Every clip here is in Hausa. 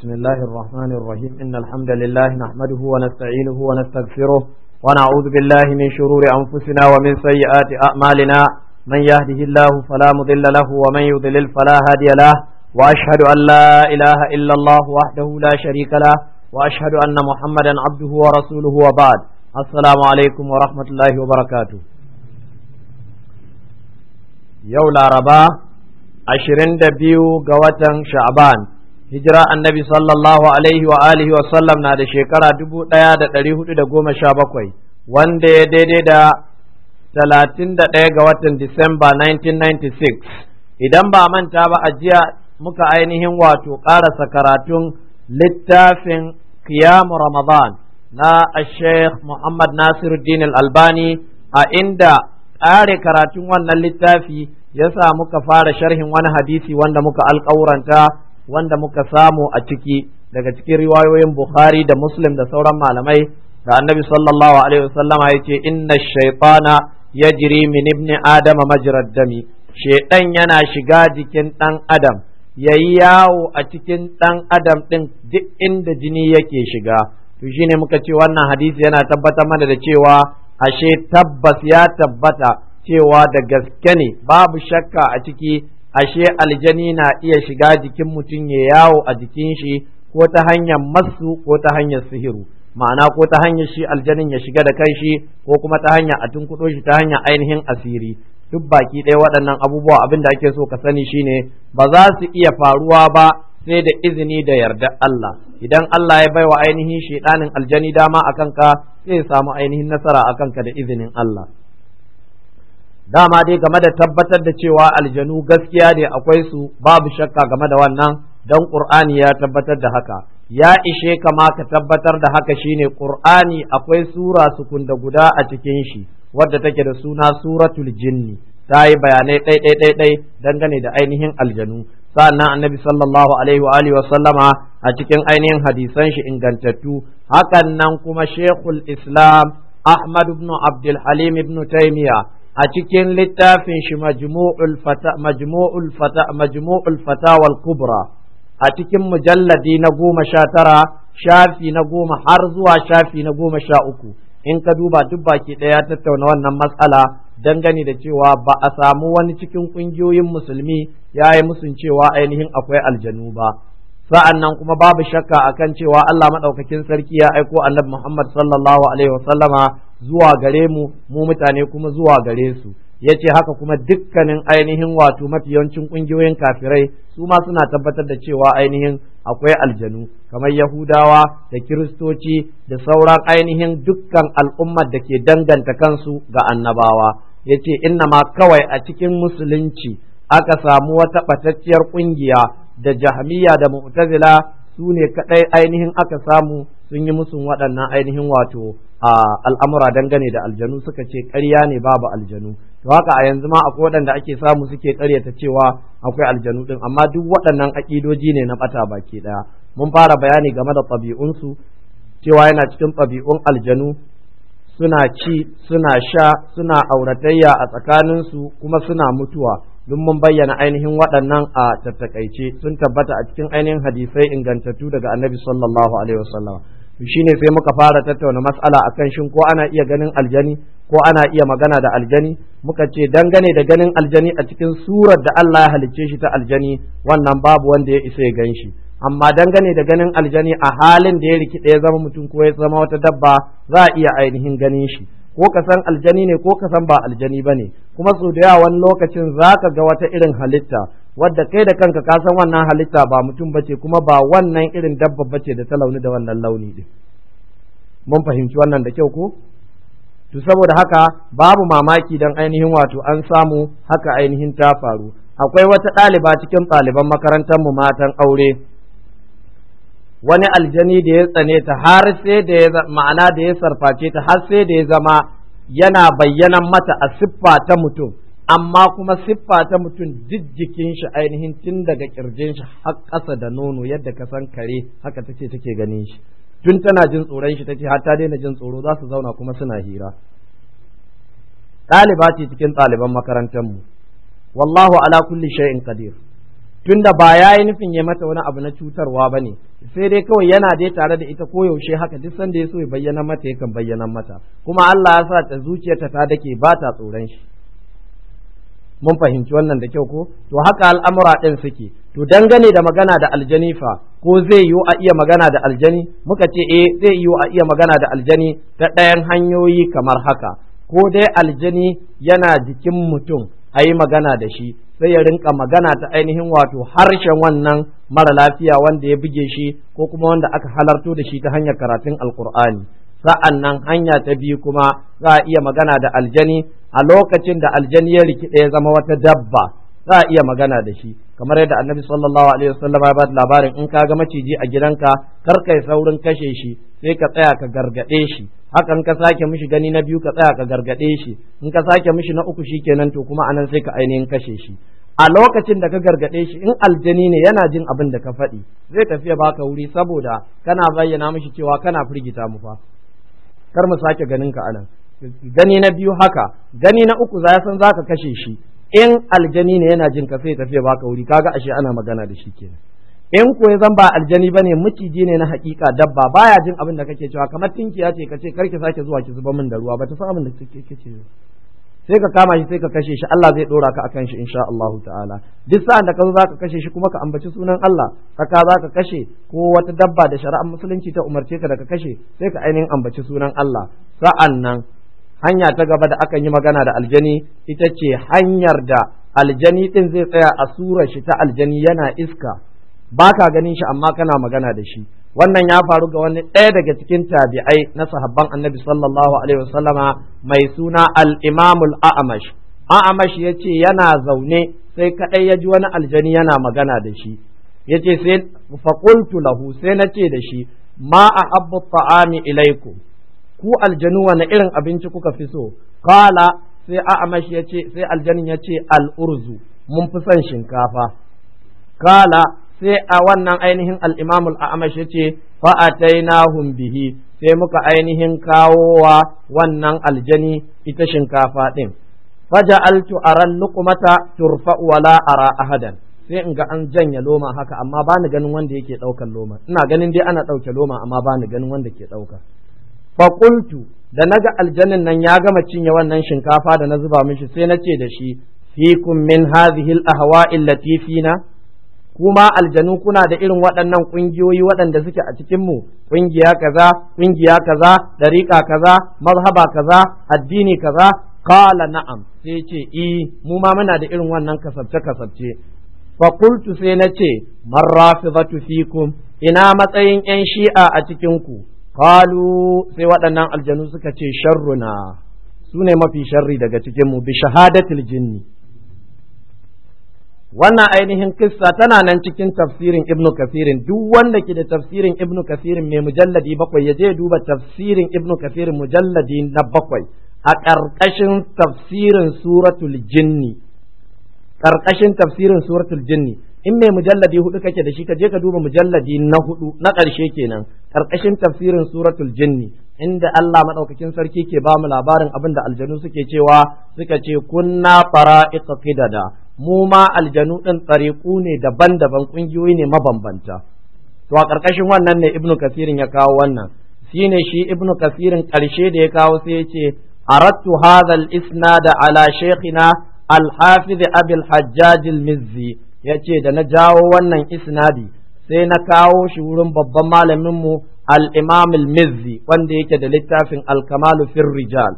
بسم الله الرحمن الرحيم إن الحمد لله نحمده ونستعينه ونستغفره ونعوذ بالله من شرور أنفسنا ومن سيئات أعمالنا من يهده الله فلا مضل له ومن يضلل فلا هادي له وأشهد أن لا إله إلا الله وحده لا شريك له وأشهد أن محمدا عبده ورسوله وبعد السلام عليكم ورحمة الله وبركاته يولا رباه ashirin da biyu ga watan sha'ban hijira annabi sallallahu alaihi wa alihi wa sallam na da shekara dubu ɗaya da ɗari hudu da goma sha bakwai wanda ya daidai da talatin da ɗaya ga watan Disamba 1996 idan ba manta ba a jiya muka ainihin wato ƙarasa karatun littafin kiyamu Ramadan na Sheikh Muhammad Nasiruddin albani a inda ƙare karatun wannan littafi ya sa muka fara sharhin wani hadisi wanda muka alƙawuranta wanda muka samu a ciki daga cikin riwayoyin Bukhari da Muslim da sauran malamai da annabi sallallahu alaihi wasallama ya ce inna shaytana yajri min ibn adama majra dami shaytan yana shiga jikin dan adam yayi yawo a cikin dan adam din duk inda jini yake shiga to shine muka ce wannan hadisi yana tabbatar mana da cewa ashe tabbas ya tabbata cewa da gaske ne babu shakka a ciki ashe aljani na iya shiga jikin mutum ya yawo a jikin shi ko ta hanyar masu ko ta hanyar sihiru ma'ana ko ta hanyar shi aljanin ya shiga da kai shi ko kuma ta hanyar a tunkuɗo shi ta hanyar ainihin asiri duk baki ɗaya waɗannan abubuwa abin da ake so ka sani shine ba za su iya faruwa ba sai da izini da yarda Allah idan Allah ya baiwa ainihin shedanin aljani dama akan ka sai samu ainihin nasara akan ka da izinin Allah dama dai game da tabbatar da cewa aljanu gaskiya ne akwai su babu shakka game da wannan dan ƙur'ani ya tabbatar da haka ya ishe kama ka tabbatar da haka shine ƙur'ani akwai sura sukunda guda a cikin shi wadda take da suna suratul jinni ta yi bayanai ɗai ɗai ɗai dangane da ainihin aljanu sa'annan annabi sallallahu alaihi wa alihi wa sallama a cikin ainihin hadisan shi ingantattu hakan nan kuma shekul islam ahmad ibn abdul halim ibn taymiya a cikin littafin shi majmu'ul fatawal kubra a cikin mujalladi na goma sha tara shafi na goma har zuwa shafi na goma sha uku in ka duba duk baki ɗaya tattauna wannan matsala dangane da cewa ba a samu wani cikin ƙungiyoyin musulmi ya yi musun cewa ainihin akwai aljanu ba sa'an nan kuma babu shakka akan cewa Allah maɗaukakin sarki ya aiko annabi Muhammad sallallahu alaihi wasallama zuwa gare mu mu mutane kuma zuwa gare su ya ce haka kuma dukkanin ainihin wato mafi yawancin ƙungiyoyin kafirai su ma suna tabbatar da cewa ainihin akwai aljanu kamar yahudawa da kiristoci da sauran ainihin dukkan al'ummar da ke danganta kansu ga annabawa ya ce ma kawai a cikin musulunci aka samu wata ɓatacciyar ƙungiya da jahmiya da mu'tazila su ne kaɗai ainihin aka samu sun yi musu waɗannan ainihin wato A al'amura dangane da aljanu suka ce ƙarya ne babu aljanu to haka a yanzu ma akwai waɗanda ake samu suke ƙaryata cewa akwai aljanu din amma duk waɗannan aƙidoji ne na ɓata baki ɗaya mun fara bayani game da ɗabi'unsu cewa yana cikin ɗabi'un aljanu suna ci suna sha suna auratayya a tsakaninsu kuma suna mutuwa duk mun bayyana ainihin waɗannan a tattakaice sun tabbata a cikin ainihin hadisai ingantattu daga annabi sallallahu alaihi wasallam shi ne sai muka fara tattauna mas'ala a kan shin ko ana iya ganin aljani ko ana iya magana da aljani muka ce dangane da ganin aljani a cikin surar da Allah ya halicce shi ta aljani wannan babu wanda ya isa ya gan shi amma dangane da ganin aljani a halin da ya rikide ya zama mutum ko ya zama wata dabba za a iya ainihin ganin shi ko ka san aljani ne ko ka san ba aljani ba ne kuma sau da yawan wani lokacin za ka ga wata irin halitta wadda kai da kanka ka san wannan halitta ba mutum ba ce kuma ba wannan irin dabba ba ce da ta launi da wannan launi ɗin mun fahimci wannan da kyau ko to saboda haka babu mamaki dan ainihin wato an samu haka ainihin ta faru akwai wata ɗaliba cikin ɗaliban makarantar mu matan aure wani aljani da ya tsane ta har sai da ya ma'ana da ya sarface ta har sai da ya zama yana bayyana mata a siffa ta mutum amma kuma siffa ta mutum jijjikin shi ainihin tun daga kirjin shi har ƙasa da nono yadda ka san kare haka take take ganin shi tun tana jin tsoron shi tace har ta daina jin tsoro za su zauna kuma suna hira ɗaliba ce cikin ɗaliban makarantar mu wallahu ala kulli shay'in qadir tunda ba yayi nufin ya mata wani abu na cutarwa bane sai dai kawai yana dai tare da ita koyaushe haka duk sanda ya so ya bayyana mata ya kan bayyana mata kuma Allah ya sa ta zuciyarta ta dake ba ta tsoron shi mun fahimci wannan da kyau ko to haka al'amura ɗin suke to dangane da magana da aljani fa ko zai yiwu a iya magana da aljani muka ce eh zai yiwu a iya magana da aljani ta ɗayan hanyoyi kamar haka ko dai aljani yana jikin mutum a yi magana da shi sai ya rinka magana ta ainihin wato harshen wannan mara lafiya wanda ya buge shi ko kuma wanda aka halarto da shi ta hanyar karatun alkur'ani sa'an nan hanya ta biyu kuma za a iya magana da aljani a lokacin da aljani ya rikide ya zama wata dabba za a iya magana da shi kamar yadda annabi sallallahu alaihi wasallam ya bada labarin in ka ga maciji a gidanka kar kai saurin kashe shi sai ka tsaya ka gargade shi hakan ka sake mishi gani na biyu ka tsaya ka gargaɗe shi in ka sake mishi na uku shi kenan to kuma anan sai ka ainihin kashe shi a lokacin da ka gargaɗe shi in aljani ne yana jin abin da ka faɗi zai tafiya baka wuri saboda kana bayyana mishi cewa kana firgita mu fa kar mu sake ganin ka anan gani na biyu haka gani na uku za san zaka kashe shi in aljani ne yana jin ka sai tafiya baka wuri kaga ashe ana magana da shi kenan in ko ya zan ba aljani bane miciji ne na hakika dabba baya jin abin da kake cewa kamar tinkiya ce kace karki sake zuwa ki zuba min da ruwa ba ta san abin da kake cewa sai ka kama shi sai ka kashe shi Allah zai dora ka akan shi insha Allah ta'ala duk sa'an da ka zo zaka kashe shi kuma ka ambaci sunan Allah tsaka zaka kashe ko wata dabba da shari'ar musulunci ta umarce ka da ka kashe sai ka ainihin ambaci sunan Allah sa'an nan hanya ta gaba da akan yi magana da aljani ita ce hanyar da aljani din zai tsaya a surar shi ta aljani yana iska baka ganin shi amma kana magana da shi wannan ya faru ga wani ɗaya daga cikin tabi'ai na sahabban annabi sallallahu alaihi wasallama mai suna al-imamul a'amash a'amash yace yana zaune sai kaɗai ya ji wani aljani yana magana da shi Yace ce sai faƙultu lahu sai na ce da shi ma a ta'ami ilaikum ku aljanu wani irin abinci kuka fi so kala sai a'amash ya ce sai aljanin ya ce al'urzu mun fi son shinkafa kala sai a wannan ainihin al'imamul a ya ce fa'atainahum bihi sai muka ainihin kawowa wannan aljani ita shinkafa ɗin Faja altu aran lukumata turfa wala ara ahadan sai in ga an janya loma haka amma ba ni ganin wanda yake ɗaukar loma ina ganin dai ana ɗauke loma amma ba ni ganin wanda ke ɗauka faƙultu da na ga aljanin nan ya gama cinye wannan shinkafa da na zuba mishi sai na ce da shi fikum min hadhihi al-ahwa'i latifina kuma aljanu kuna da irin waɗannan ƙungiyoyi waɗanda suke a cikinmu ƙungiya kaza ƙungiya kaza ɗariƙa kaza mazhaba kaza addini kaza kala na'am sai ce i e, mu ma muna da irin wannan kasabce kasabce fa qultu sai na ce man rafidatu fikum ina matsayin yan shi'a a cikin ku qalu sai waɗannan aljanu suka ce sharruna sune mafi sharri daga cikin mu bi shahadatil jinni wannan ainihin kissa tana nan cikin tafsirin ibn kasirin duk wanda ke da tafsirin ibn kasirin mai mujalladi bakwai ya je duba tafsirin ibn kasirin mujalladi na bakwai a ƙarƙashin tafsirin suratul jinni ƙarƙashin tafsirin suratul jinni in mai mujalladi hudu kake da shi ka je ka duba mujalladi na hudu na ƙarshe kenan ƙarƙashin tafsirin suratul jinni inda Allah madaukakin sarki ke ba mu labarin abin da aljanu suke cewa suka ce kunna fara qidada mu ma aljanu din tsariku ne daban-daban Ƙungiyoyi ne mabambanta to a ƙarƙashin wannan ne ibnu kasirin ya kawo wannan shine shi ibnu kasirin ƙarshe da ya kawo sai ya ce aradtu hadha al-isnada ala shaykhina al-hafiz abi al-hajjaj al-mizzi ya ce da na jawo wannan isnadi sai na kawo shi wurin babban malaminmu al-imam al-mizzi wanda yake da littafin Alkamalu kamalu fir rijal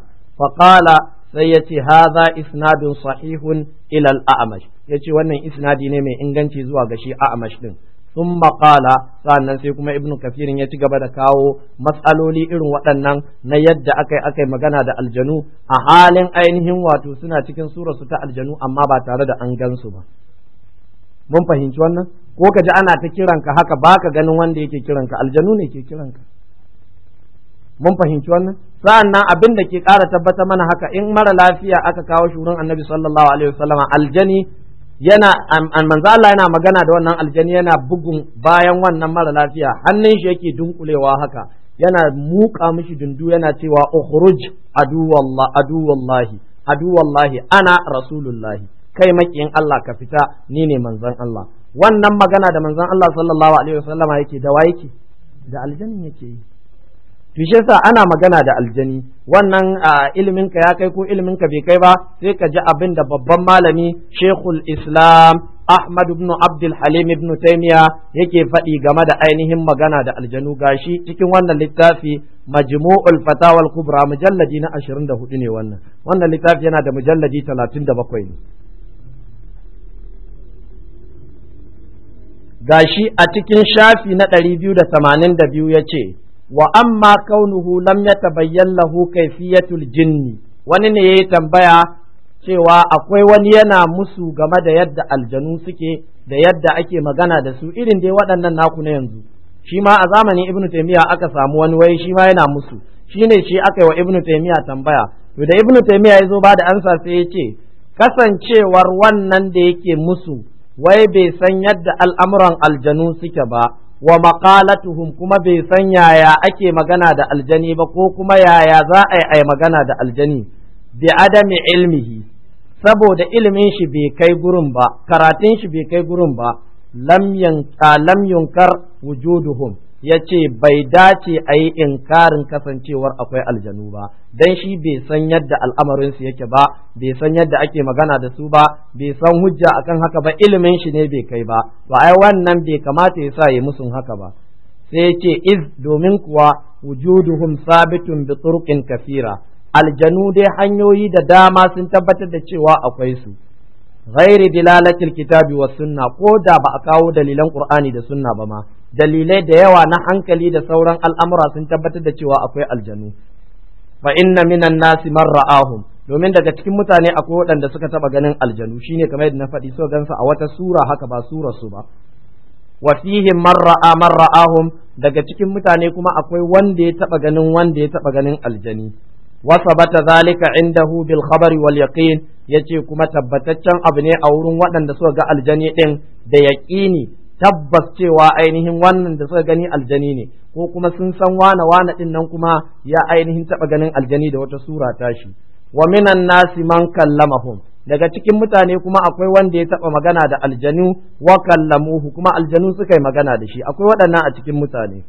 sai ya ce haza isnadun sahihun ilal al-a'mash ya ce wannan isnadi ne mai inganci zuwa ga shi a'mash din sun maƙala sannan sai kuma ibnu kafirin ya ci gaba da kawo matsaloli irin waɗannan na yadda aka aka magana da aljanu a halin ainihin wato suna cikin surarsu ta aljanu amma ba tare da an gansu ba mun fahimci wannan ko ka ji ana ta kiranka haka baka ganin wanda yake kiranka aljanu ne ke kiranka mun fahimci wannan sa'an nan abin da ke ƙara tabbata mana haka in mara lafiya aka kawo shurin annabi sallallahu alaihi wasallam aljani yana manzo Allah yana magana da wannan aljani yana bugun bayan wannan mara lafiya hannun shi yake dunkulewa haka yana muka mishi dundu yana cewa ukhruj aduwallahi aduwallahi aduwallahi ana rasulullahi kai makiyin Allah ka fita ni ne manzon Allah wannan magana da manzon Allah sallallahu alaihi wasallam yake da waye da aljanin yake yi to shi yasa ana magana da aljani wannan ilimin ka ya kai ko ilimin ka bai kai ba sai ka ji abin da babban malami Sheikhul Islam Ahmad ibn Abdul Halim ibn Taymiya yake faɗi game da ainihin magana da aljanu gashi cikin wannan littafi Majmu'ul Fatawa al-Kubra mujalladi na 24 ne wannan wannan littafi yana da mujalladi 37 ne gashi a cikin shafi na ɗari biyu da tamanin da biyu ya ce wa amma kaunuhu lam ya tabayyan lahu kaifiyatul jinni wani ne ya yi tambaya cewa akwai wani yana musu game da yadda aljanu suke da yadda ake magana da su irin dai waɗannan naku na yanzu shi ma a zamanin ibnu taimiya aka samu wani wai shi ma yana musu shi ne shi aka yi wa ibnu taimiya tambaya to da ibnu taimiya ya zo ba da ansa sai ya ce kasancewar wannan da yake musu wai bai san yadda al'amuran aljanu suke ba wa maqalatuhum kuma bai san yaya ake magana da aljani ba ko kuma yaya za a yi ai magana da aljani bi adami ilmihi saboda ilimin shi bai kai gurin ba karatun shi bai kai gurin ba lam yunkar wujuduhum ya ce bai dace a yi inkarin kasancewar akwai aljanu ba Don shi bai san yadda al'amarinsu yake ba bai san yadda ake magana da su ba bai san hujja akan haka ba ilimin shi ne bai kai ba ba ai wannan bai kamata ya sa ya musu haka ba sai ce iz domin kuwa wujuduhum sabitun bi turqin kafira. aljanu dai hanyoyi da dama sun tabbatar da cewa akwai su ghairi dilalatil kitabi was sunna ko da ba a kawo dalilan qur'ani da sunna ba ma dalilai da yawa na hankali da sauran al'amura sun tabbatar da cewa akwai aljanu fa inna minan nasi man ra'ahum domin daga cikin mutane akwai waɗanda suka taɓa ganin aljanu shine kamar yadda na faɗi so gansa a wata sura haka ba sura su ba wa marra'a man ra'a daga cikin mutane kuma akwai wanda ya taba ganin wanda ya taba ganin aljani wa sabata zalika indahu bil khabari wal yaqin ce kuma tabbataccen abu ne a wurin waɗanda suka ga aljani ɗin da yaƙini. tabbas cewa ainihin wannan da suka gani aljani ne ko kuma sun san wane wane din nan kuma ya ainihin taba ganin aljani da wata sura shi wa minan nasi man kallamahum daga cikin mutane kuma akwai wanda ya taba magana da aljanu wa kallamuhu kuma aljanu suka yi magana da shi akwai waɗannan a cikin mutane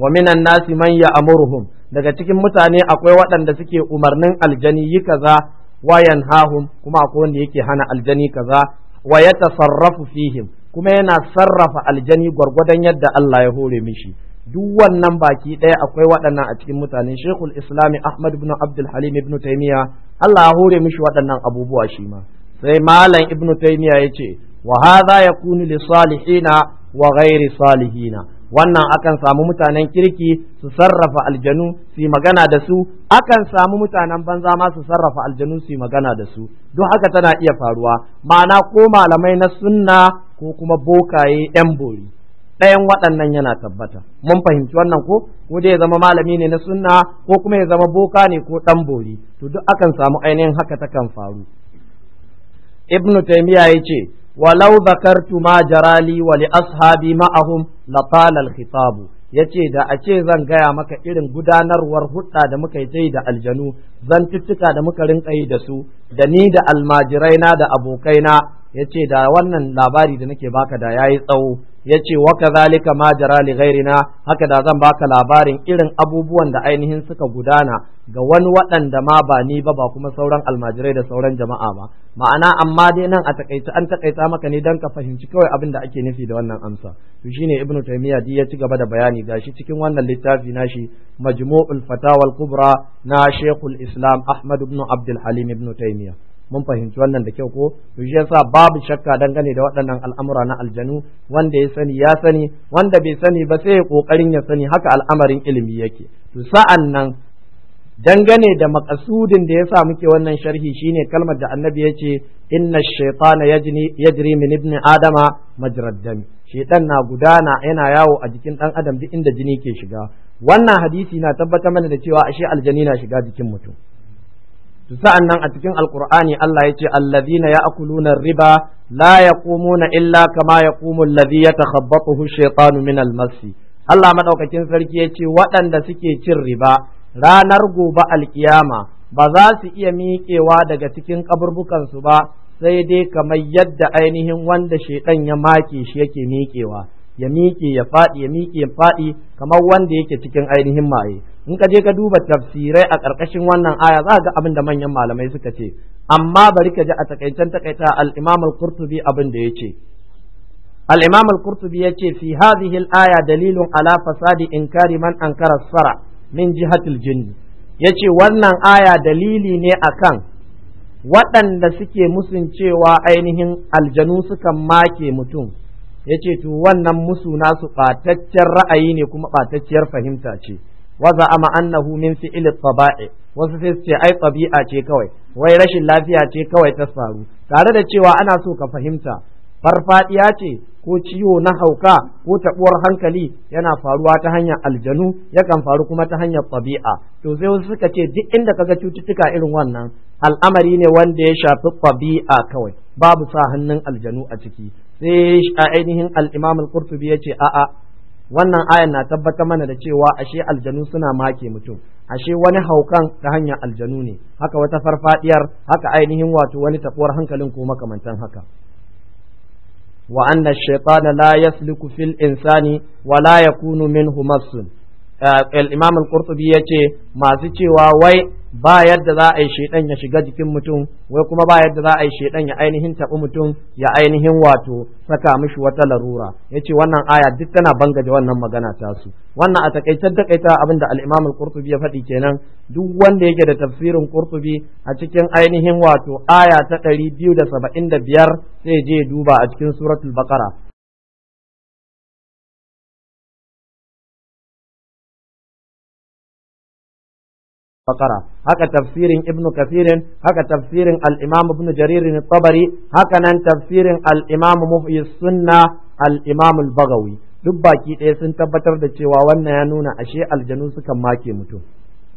wa minan nasi man ya'muruhum daga cikin mutane akwai waɗanda suke umarnin aljani yi kaza wa yanhahum kuma akwai wanda yake hana aljani kaza wa yatasarrafu fihim kuma yana sarrafa aljani gwargwadon yadda Allah ya hore mishi duk wannan baki ɗaya akwai waɗannan a cikin mutanen Sheikhul Islami Ahmad ibn Abdul Halim ibn Taymiya Allah ya hore mishi waɗannan abubuwa shi ma sai malam ibn Taymiya ce wa hadha yakunu li salihina wa ghairi salihina wannan akan samu mutanen kirki su sarrafa aljanu su yi magana da su akan samu mutanen banza ma su sarrafa aljanu su yi magana da su don haka tana iya faruwa ma'ana ko malamai na sunna ko kuma bokaye yan bori ɗayan waɗannan yana tabbata mun fahimci wannan ko ko dai ya zama malami ne na sunna ko kuma ya zama boka ne ko ɗan bori to duk akan samu ainihin haka ta kan faru ibnu taymiya yace walau zakartu ma jarali wa li ashabi ma'ahum la tala al khitab yace da a ce zan gaya maka irin gudanarwar hudda da muka yi da aljanu zan tuttuka da muka rinka yi da su da ni da almajirai na da abokaina yace da wannan labari da nake baka da yayi tsawo yace wa kadhalika ma jara li ghairina haka da zan baka labarin irin abubuwan da ainihin suka gudana ga wani waɗanda ma ba ni ba ba kuma sauran almajirai da sauran jama'a ba ma'ana amma dai nan a takaice an takaita maka ne dan ka fahimci kawai abin da ake nufi da wannan amsa to shine ibnu taymiya di ya ci gaba da bayani gashi cikin wannan littafi nashi majmu'ul fatawa al-kubra na shaykhul islam ahmad ibnu abdul halim ibnu taymiya mun fahimci wannan da kyau ko to shi yasa babu shakka dangane da waɗannan al'amura na aljanu wanda ya sani ya sani wanda bai sani ba sai ya kokarin ya sani haka al'amarin ilimi yake to sa'an nan dangane da makasudin da yasa muke wannan sharhi shine kalmar da annabi ya ce inna shaytana yajni yajri min ibn adama majrad dam shaytan na gudana yana yawo a jikin dan adam duk inda jini ke shiga wannan hadisi na tabbatar mana da cewa ashe aljani na shiga jikin mutum sa'an nan a cikin alkur'ani Allah ya ce allazina akuluna riba la na illa kama yaqumu ya yatakhabbathu shaytanu min almasi Allah maɗaukacin sarki ya ce waɗanda suke cin riba ranar gobe alkiyama ba za su iya miƙewa daga cikin kaburbukansu ba sai dai kamar yadda ainihin wanda shaidan ya make shi yake miƙewa ya miƙe ya faɗi ya miƙe ya faɗi kamar wanda yake cikin ainihin maye in ka je ka duba tafsirai a ƙarƙashin wannan aya za ga abin da manyan malamai suka ce amma bari ka ji a takaicen takaita al-Imam al-Qurtubi abin da yace al-Imam al-Qurtubi yace fi hadhihi al-aya dalilun ala fasadi inkari man ankara sara min al jinn yace wannan aya dalili ne akan waɗanda suke musun cewa ainihin aljanu sukan make mutum ya ce to wannan musu su ɓataccen ra'ayi ne kuma ɓatacciyar fahimta ce wa za'ama annahu min fi'il tabai wasu sai ce ai tabi'a ce kawai wai rashin lafiya ce kawai ta faru tare da cewa ana so ka fahimta farfadiya ce ko ciwo na hauka ko tabuwar hankali yana faruwa ta hanyar aljanu yakan faru kuma ta hanyar tabi'a to sai wasu suka ce duk inda kaga cututtuka irin wannan al'amari ne wanda ya shafi tabi'a kawai babu sa hannun aljanu a ciki sai ainihin al-Imam al-Qurtubi yace a'a wannan ayan na tabbatar mana da cewa ashe aljanu suna make mutum ashe wani haukan ta hanyar aljanu ne haka wata farfadiyar haka ainihin wato wani tafuwar hankalin ko makamantan haka wa anna shaytana la yasluku fil insani wa la yakunu minhu massun eh, al-imam al-qurtubi yace masu cewa wai ba yadda za a yi shaidan ya shiga jikin mutum wai kuma ba yadda za a yi shaidan ya ainihin taɓi mutum ya ainihin wato saka mishi wata larura yace wannan aya duk tana bangaje wannan magana ta su wannan a takaitar takaita abin da al-Imam al-Qurtubi ya faɗi kenan duk wanda yake da tafsirin Qurtubi a cikin ainihin wato aya ta ɗari biyu da da saba'in biyar sai je duba a cikin suratul Baqara tafsirin هكا تفسير ibnu كثير هكا تفسير الإمام ابن جرير haka nan tafsirin Al'imam مفي السنة الإمام البغوي duk baki ɗaya sun tabbatar da cewa wannan ya nuna ashe aljanu sukan make mutum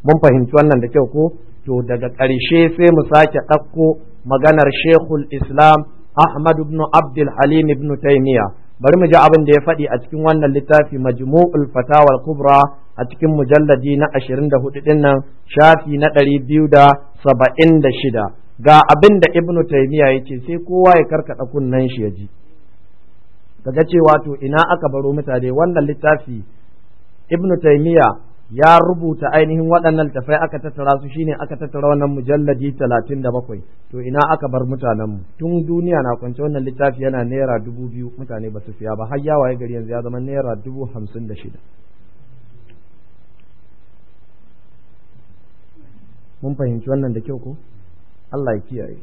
mun fahimci wannan da kyau ko to daga ƙarshe sai mu sake ɗakko maganar shekul islam ahmad ibn abdul halim ibn taymiya bari mu ji abin da ya faɗi a cikin wannan littafi majmu'ul fatawa kubra a cikin mujalladi na ashirin da hudu din nan shafi na ɗari biyu da da saba'in shida. ga abin da ibnu ya ce sai kowa ya karkaɗa kunnen shi ya ji kaga cewa to ina aka baro mutane wannan littafi ibnu taimiya ya rubuta ainihin waɗannan littafai aka tattara su shine aka tattara wannan mujalladi talatin da bakwai. to ina aka bar mutanenmu? tun duniya na kwance wannan littafi yana naira dubu biyu mutane ba su siya ba har ya gari yanzu ya zama naira dubu hamsin da shida mun fahimci wannan da kyau ko Allah ya kiyaye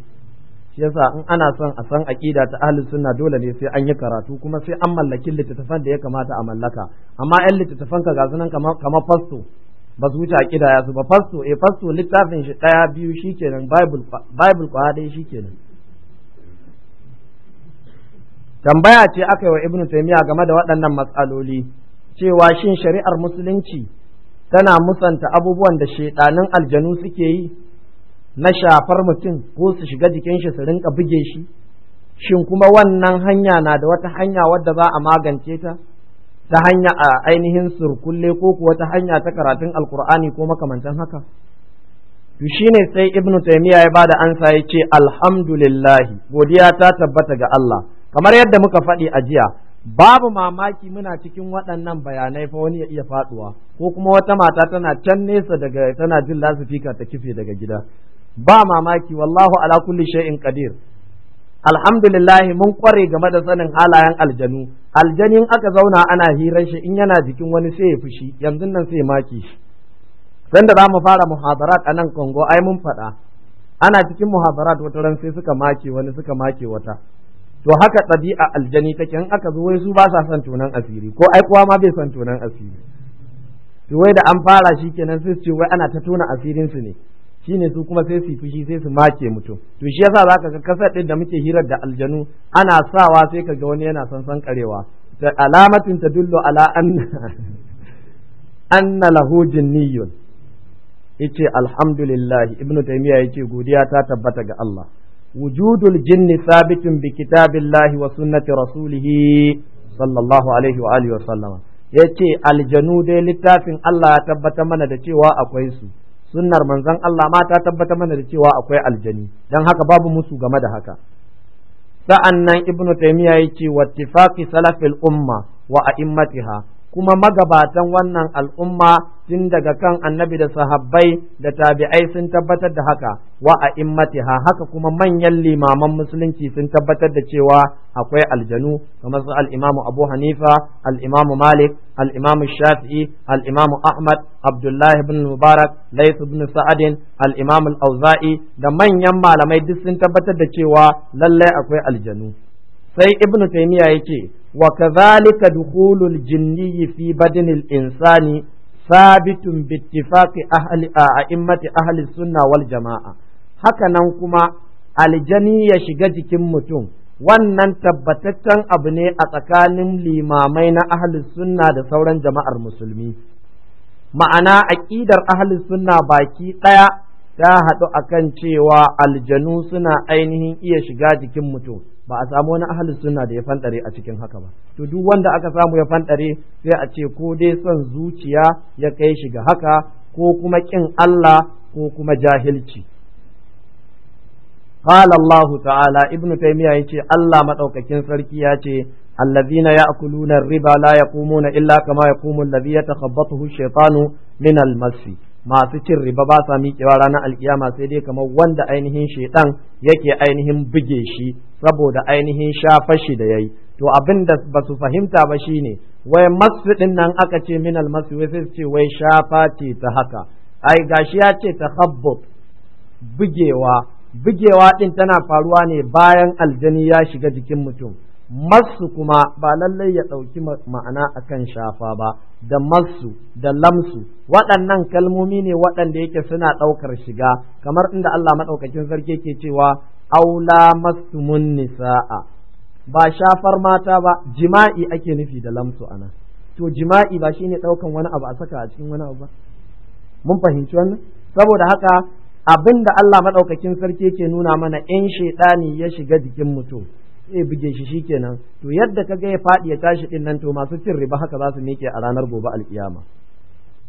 shi yasa in ana son a san aqida ta ahlus sunna dole ne sai an yi karatu kuma sai an mallaki littattafan da ya kamata a mallaka amma ɗan littattafan ka ga sunan kamar fasto ba su wuce aqida ya su ba fasto eh fasto littafin shi daya biyu shikenan bible bible kwa dai shikenan tambaya ce aka yi wa ibnu taymiya game da waɗannan matsaloli cewa shin shari'ar musulunci tana musanta abubuwan da shaidanin aljanu suke yi na shafar mutum ko su shiga jikin shi su rinka buge shi shin kuma wannan hanya na da wata hanya wadda za a magance ta ta hanya a ainihin surkulle ko kuwa ta hanya ta karatun alkur'ani ko makamantan haka to shine sai ibnu taymiya ya bada ansa ya ce alhamdulillah godiya ta tabbata ga Allah kamar yadda muka faɗi a jiya babu mamaki muna cikin waɗannan bayanai fa wani ya iya faɗuwa, ko kuma wata mata tana can nesa daga tana jin lasifika ta kife daga gida ba mamaki wallahu ala kulli shay'in qadir alhamdulillah mun kware game da sanin halayen aljanu aljanin aka zauna ana hirar shi in yana jikin wani sai ya fushi yanzu nan sai ya maki shi sanda za mu fara muhadarat a nan Kongo ai mun faɗa ana cikin muhadarat wata ran sai suka make wani suka make wata to haka ɗabi'a aljani take in aka zo wai su ba sa son tonan asiri ko ai kowa ma bai son tonan asiri to wai da an fara shi kenan sai su ce wai ana ta tona asirin su ne shine su kuma sai su fushi sai su make mutum to shi yasa zaka ga kasar ɗin da muke hirar da aljanu ana sawa sai ka ga wani yana son san karewa ta alamatin tadullu ala anna anna lahu jinniyun yace alhamdulillah ibnu taymiya yace godiya ta tabbata ga Allah wujudul jinni sabitun bi kitabillahi wa sunnati rasulihi sallallahu alaihi wa wa sallama yace aljanu dai littafin Allah ya tabbata mana da cewa akwai su sunnar manzon Allah ma ta tabbata mana da cewa akwai aljani dan haka babu musu game da haka sa'annan ibnu taymiya yace wattifaqi salafil umma wa a'immatiha kuma magabatan wannan al'umma tun daga kan annabi da sahabbai da tabi'ai sun tabbatar da haka wa a ha haka kuma manyan limaman musulunci sun tabbatar da cewa akwai aljanu kamar su al-imamu Abu Hanifa al-imamu Malik al-imamu Shafi'i al-imamu Ahmad Abdullahi bin Mubarak Layth bin Sa'adin al-imamu al-Auza'i da manyan malamai duk sun tabbatar da cewa lallai akwai aljanu sai ibn taymiya yake wa kadhalika dukhulul jinni fi badnil insani sabitun ittifaqi ahli a'immati ahli sunna wal jama'a haka nan kuma aljani ya shiga jikin mutum wannan tabbataccen abu ne a tsakanin limamai na ahli sunna da sauran jama'ar musulmi ma'ana aqidar ahli sunna baki ɗaya ta haɗu akan cewa aljanu suna ainihin iya shiga jikin mutum ba a samu wani ahalin sunna da ya fanɗare a cikin haka ba to duk wanda aka samu ya fanɗare sai a ce ko dai son zuciya ya kai shi ga haka ko kuma ƙin Allah ko kuma jahilci قال الله تعالى ابن تيمية يتي الله مدوككين سركي يتي الذين يأكلون الربا لا يقومون إلا كما يقوم الذي يتخبطه الشيطان من المس masu cin riba ba sa miƙewa ranar alkiyama sai dai kamar wanda ainihin shaidan yake ainihin buge shi saboda ainihin shafa shi da yayi to abin da ba su fahimta ba shi ne. wai masu ɗin nan aka ce min almasu wai sai ce wai shafa ce ta haka ai gashi ya ce ta bugewa bugewa ɗin tana faruwa ne bayan aljani ya shiga jikin mutum masu kuma ba lallai ya ɗauki ma'ana a kan shafa ba da masu da lamsu waɗannan kalmomi ne waɗanda yake suna ɗaukar shiga kamar inda Allah maɗaukakin sarki ke cewa aula masu mun nisa'a ba shafar mata ba jima'i ake nufi da lamsu ana to jima'i ba shine ɗaukan wani abu a saka a cikin wani abu ba mun fahimci wannan saboda haka abin da Allah maɗaukakin sarki ke nuna mana in shaiɗani ya shiga jikin mutum sai ya buge shi kenan to yadda ka ga ya faɗi ya tashi din nan to masu cin riba haka za su miƙe a ranar gobe alkiyama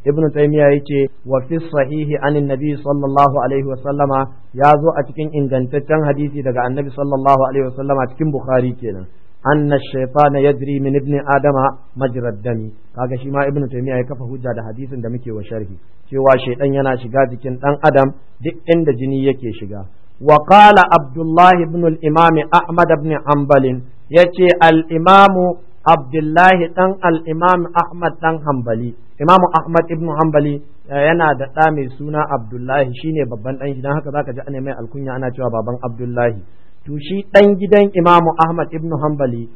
ibnu taymiya yace wa fi sahihi an nabi sallallahu alaihi wa sallama ya zo a cikin ingantaccen hadisi daga annabi sallallahu alaihi wa sallama cikin bukhari kenan anna shaytana yajri min ibni adama majrad dami kaga shi ma ibnu taymiya ya kafa hujja da hadisin da muke wa sharhi cewa shaydan yana shiga jikin dan adam duk inda jini yake shiga وقال عبد الله بن الإمام أحمد بن حنبل يتي الإمام عبد الله تن الإمام أحمد تن حنبلي إمام أحمد بن حنبلي yana da ɗa suna Abdullahi shine babban ɗan gidan haka zaka ji ana mai alkunya ana cewa baban Abdullahi to shi ɗan gidan Imam Ahmad ibn Hanbali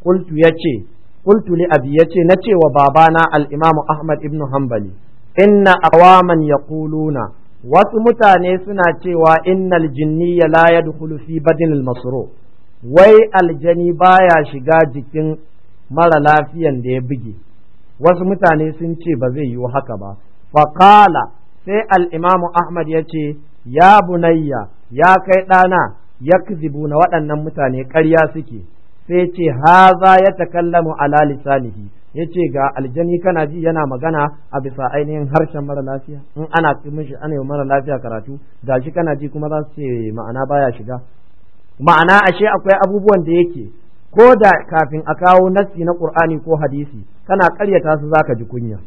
qultu yace qultu li abi yace na cewa babana al-Imam Ahmad ibn Hanbali inna awaman yaquluna wasu mutane suna cewa innal ya la ya fi badin masro wai aljani baya shiga jikin mara lafiyan da ya buge wasu mutane sun ce ba zai yiwu haka ba faƙala sai al'imamu ahmad ya ce ya bunayya ya kai ɗana ya kizibu na waɗannan mutane ƙarya suke sai ce haza ya takallamu ala lisanihi ya ce ga aljani kana ji yana magana a bisa ainihin harshen mara lafiya in ana mishi ana yi mara lafiya karatu ga shi kana ji kuma za su ce ma'ana baya shiga ma'ana ashe akwai abubuwan da yake ko da kafin a kawo nassi na qur'ani ko hadisi kana karyata su zaka ji kunya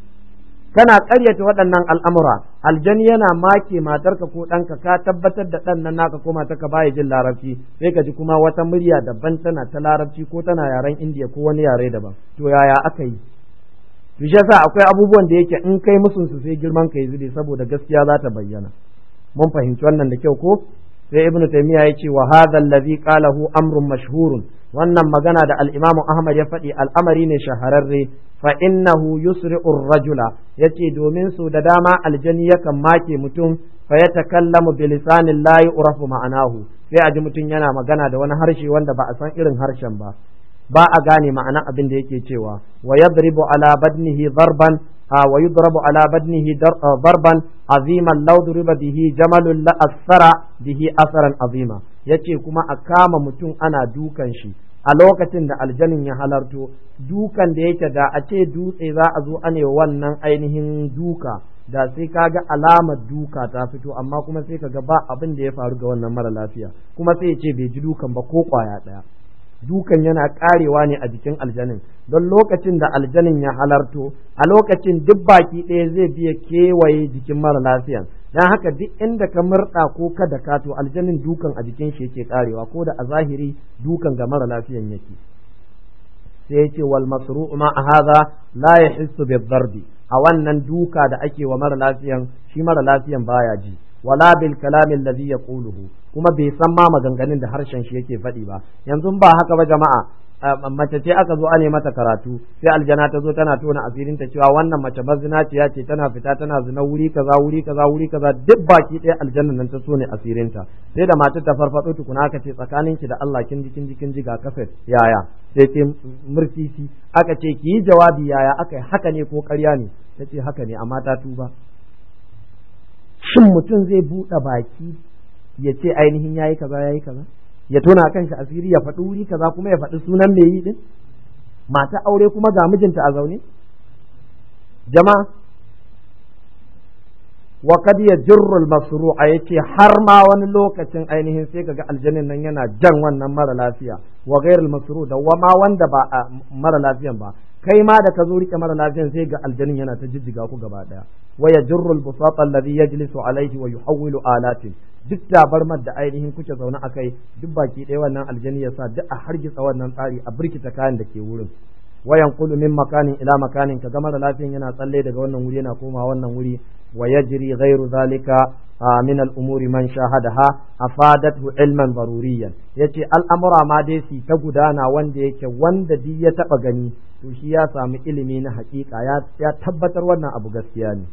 kana karyata waɗannan al'amura aljani yana make matarka ko ɗanka ka tabbatar da ɗan nan naka ko ka baya jin larabci sai ka ji kuma wata murya daban tana ta larabci ko tana yaren indiya ko wani yare daban to yaya aka yi to shi yasa akwai abubuwan da yake in kai musun su sai girman ka yi saboda gaskiya za ta bayyana mun fahimci wannan da kyau ko sai ibnu taymiya ya ce wa hadha allazi qalahu amrun mashhurun wannan magana da alimamu Ahmad ya faɗi al'amari ne shahararre fa innahu yusri'ur rajula yace domin su da dama aljani yakan make mutum fa yatakallamu bi lisanin la yu'rafu ma'anahu sai a ji mutum yana magana da wani harshe wanda ba a san irin harshen ba ba a gane ma'ana abin da yake cewa wa yadribu ala badnihi darban wa yudrabu ala badnihi darban aziman law duriba bihi jamalun la asara bihi asaran azima yace kuma a kama mutum ana dukan shi a lokacin da aljanin ya halarto dukan da yake da a ce dutse za a zo ane wannan ainihin duka da sai kaga alamar duka ta fito amma kuma sai kaga ba abin da ya faru ga wannan mara lafiya kuma sai ya ce bai ji dukan ba ko kwaya daya dukan yana karewa ne a jikin aljanin don lokacin da aljanin ya halarto a lokacin duk baki ɗaya zai biya kewaye jikin mara lafiyan dan haka duk inda ka murɗa ko ka da kato aljanin dukan a jikin shi yake ƙarewa ko da a zahiri dukan ga mara lafiyan yake sai ya ce wal masru'u ma hadha la yahissu bi darbi a wannan duka da ake wa mara lafiyan shi mara lafiyan baya ji wala bil kalamin alladhi yaquluhu kuma bai san ma maganganun da harshen shi yake faɗi ba yanzu ba haka ba jama'a mace ce aka zo ne mata karatu sai aljana ta zo tana tona asirin ta cewa wannan mace mazinaciya ce tana fita tana zina wuri kaza wuri kaza wuri kaza duk baki ɗaya aljanna nan ta so ne asirin ta sai da matar ta farfado tukuna aka ce tsakanin ki da Allah kin ji kin ji kin ji ga kafet yaya sai ce murtisi aka ce ki yi jawabi yaya aka haka ne ko ƙarya ne ta ce haka ne amma ta tuba shin mutum zai buɗe baki ya ce ainihin yayi kaza yayi kaza ya tona kan shi asiri ya faɗi wuri kaza kuma ya faɗi sunan mai yi din mata aure kuma ga mijinta a zaune Jama wa kad yajurru al-masru'a yace har ma wani lokacin ainihin sai kaga aljannin nan yana jan wannan mara lafiya wa ghayr al-masru' da wa ma wanda ba mara lafiyan ba kai ma da ka zo rike mara lafiyan sai ga aljannin yana ta jijjiga ku gaba daya wa yajurru al-busata alladhi yajlisu alayhi wa yuhawwilu alatin duk tabarmar da ainihin kuke zaune a kai duk baki ɗaya wannan aljani ya sa duk a hargitsa wannan tsari a birkita kayan da ke wurin wayan kulu min makanin ila makanin ka gama da lafiyan yana tsalle daga wannan wuri yana koma wannan wuri wa yajri ghairu zalika min al-umuri man shahadaha afadathu ilman daruriyan yace al'amura ma dai ta gudana wanda yake wanda di ya taba gani to shi ya samu ilimi na hakika ya tabbatar wannan abu gaskiya ne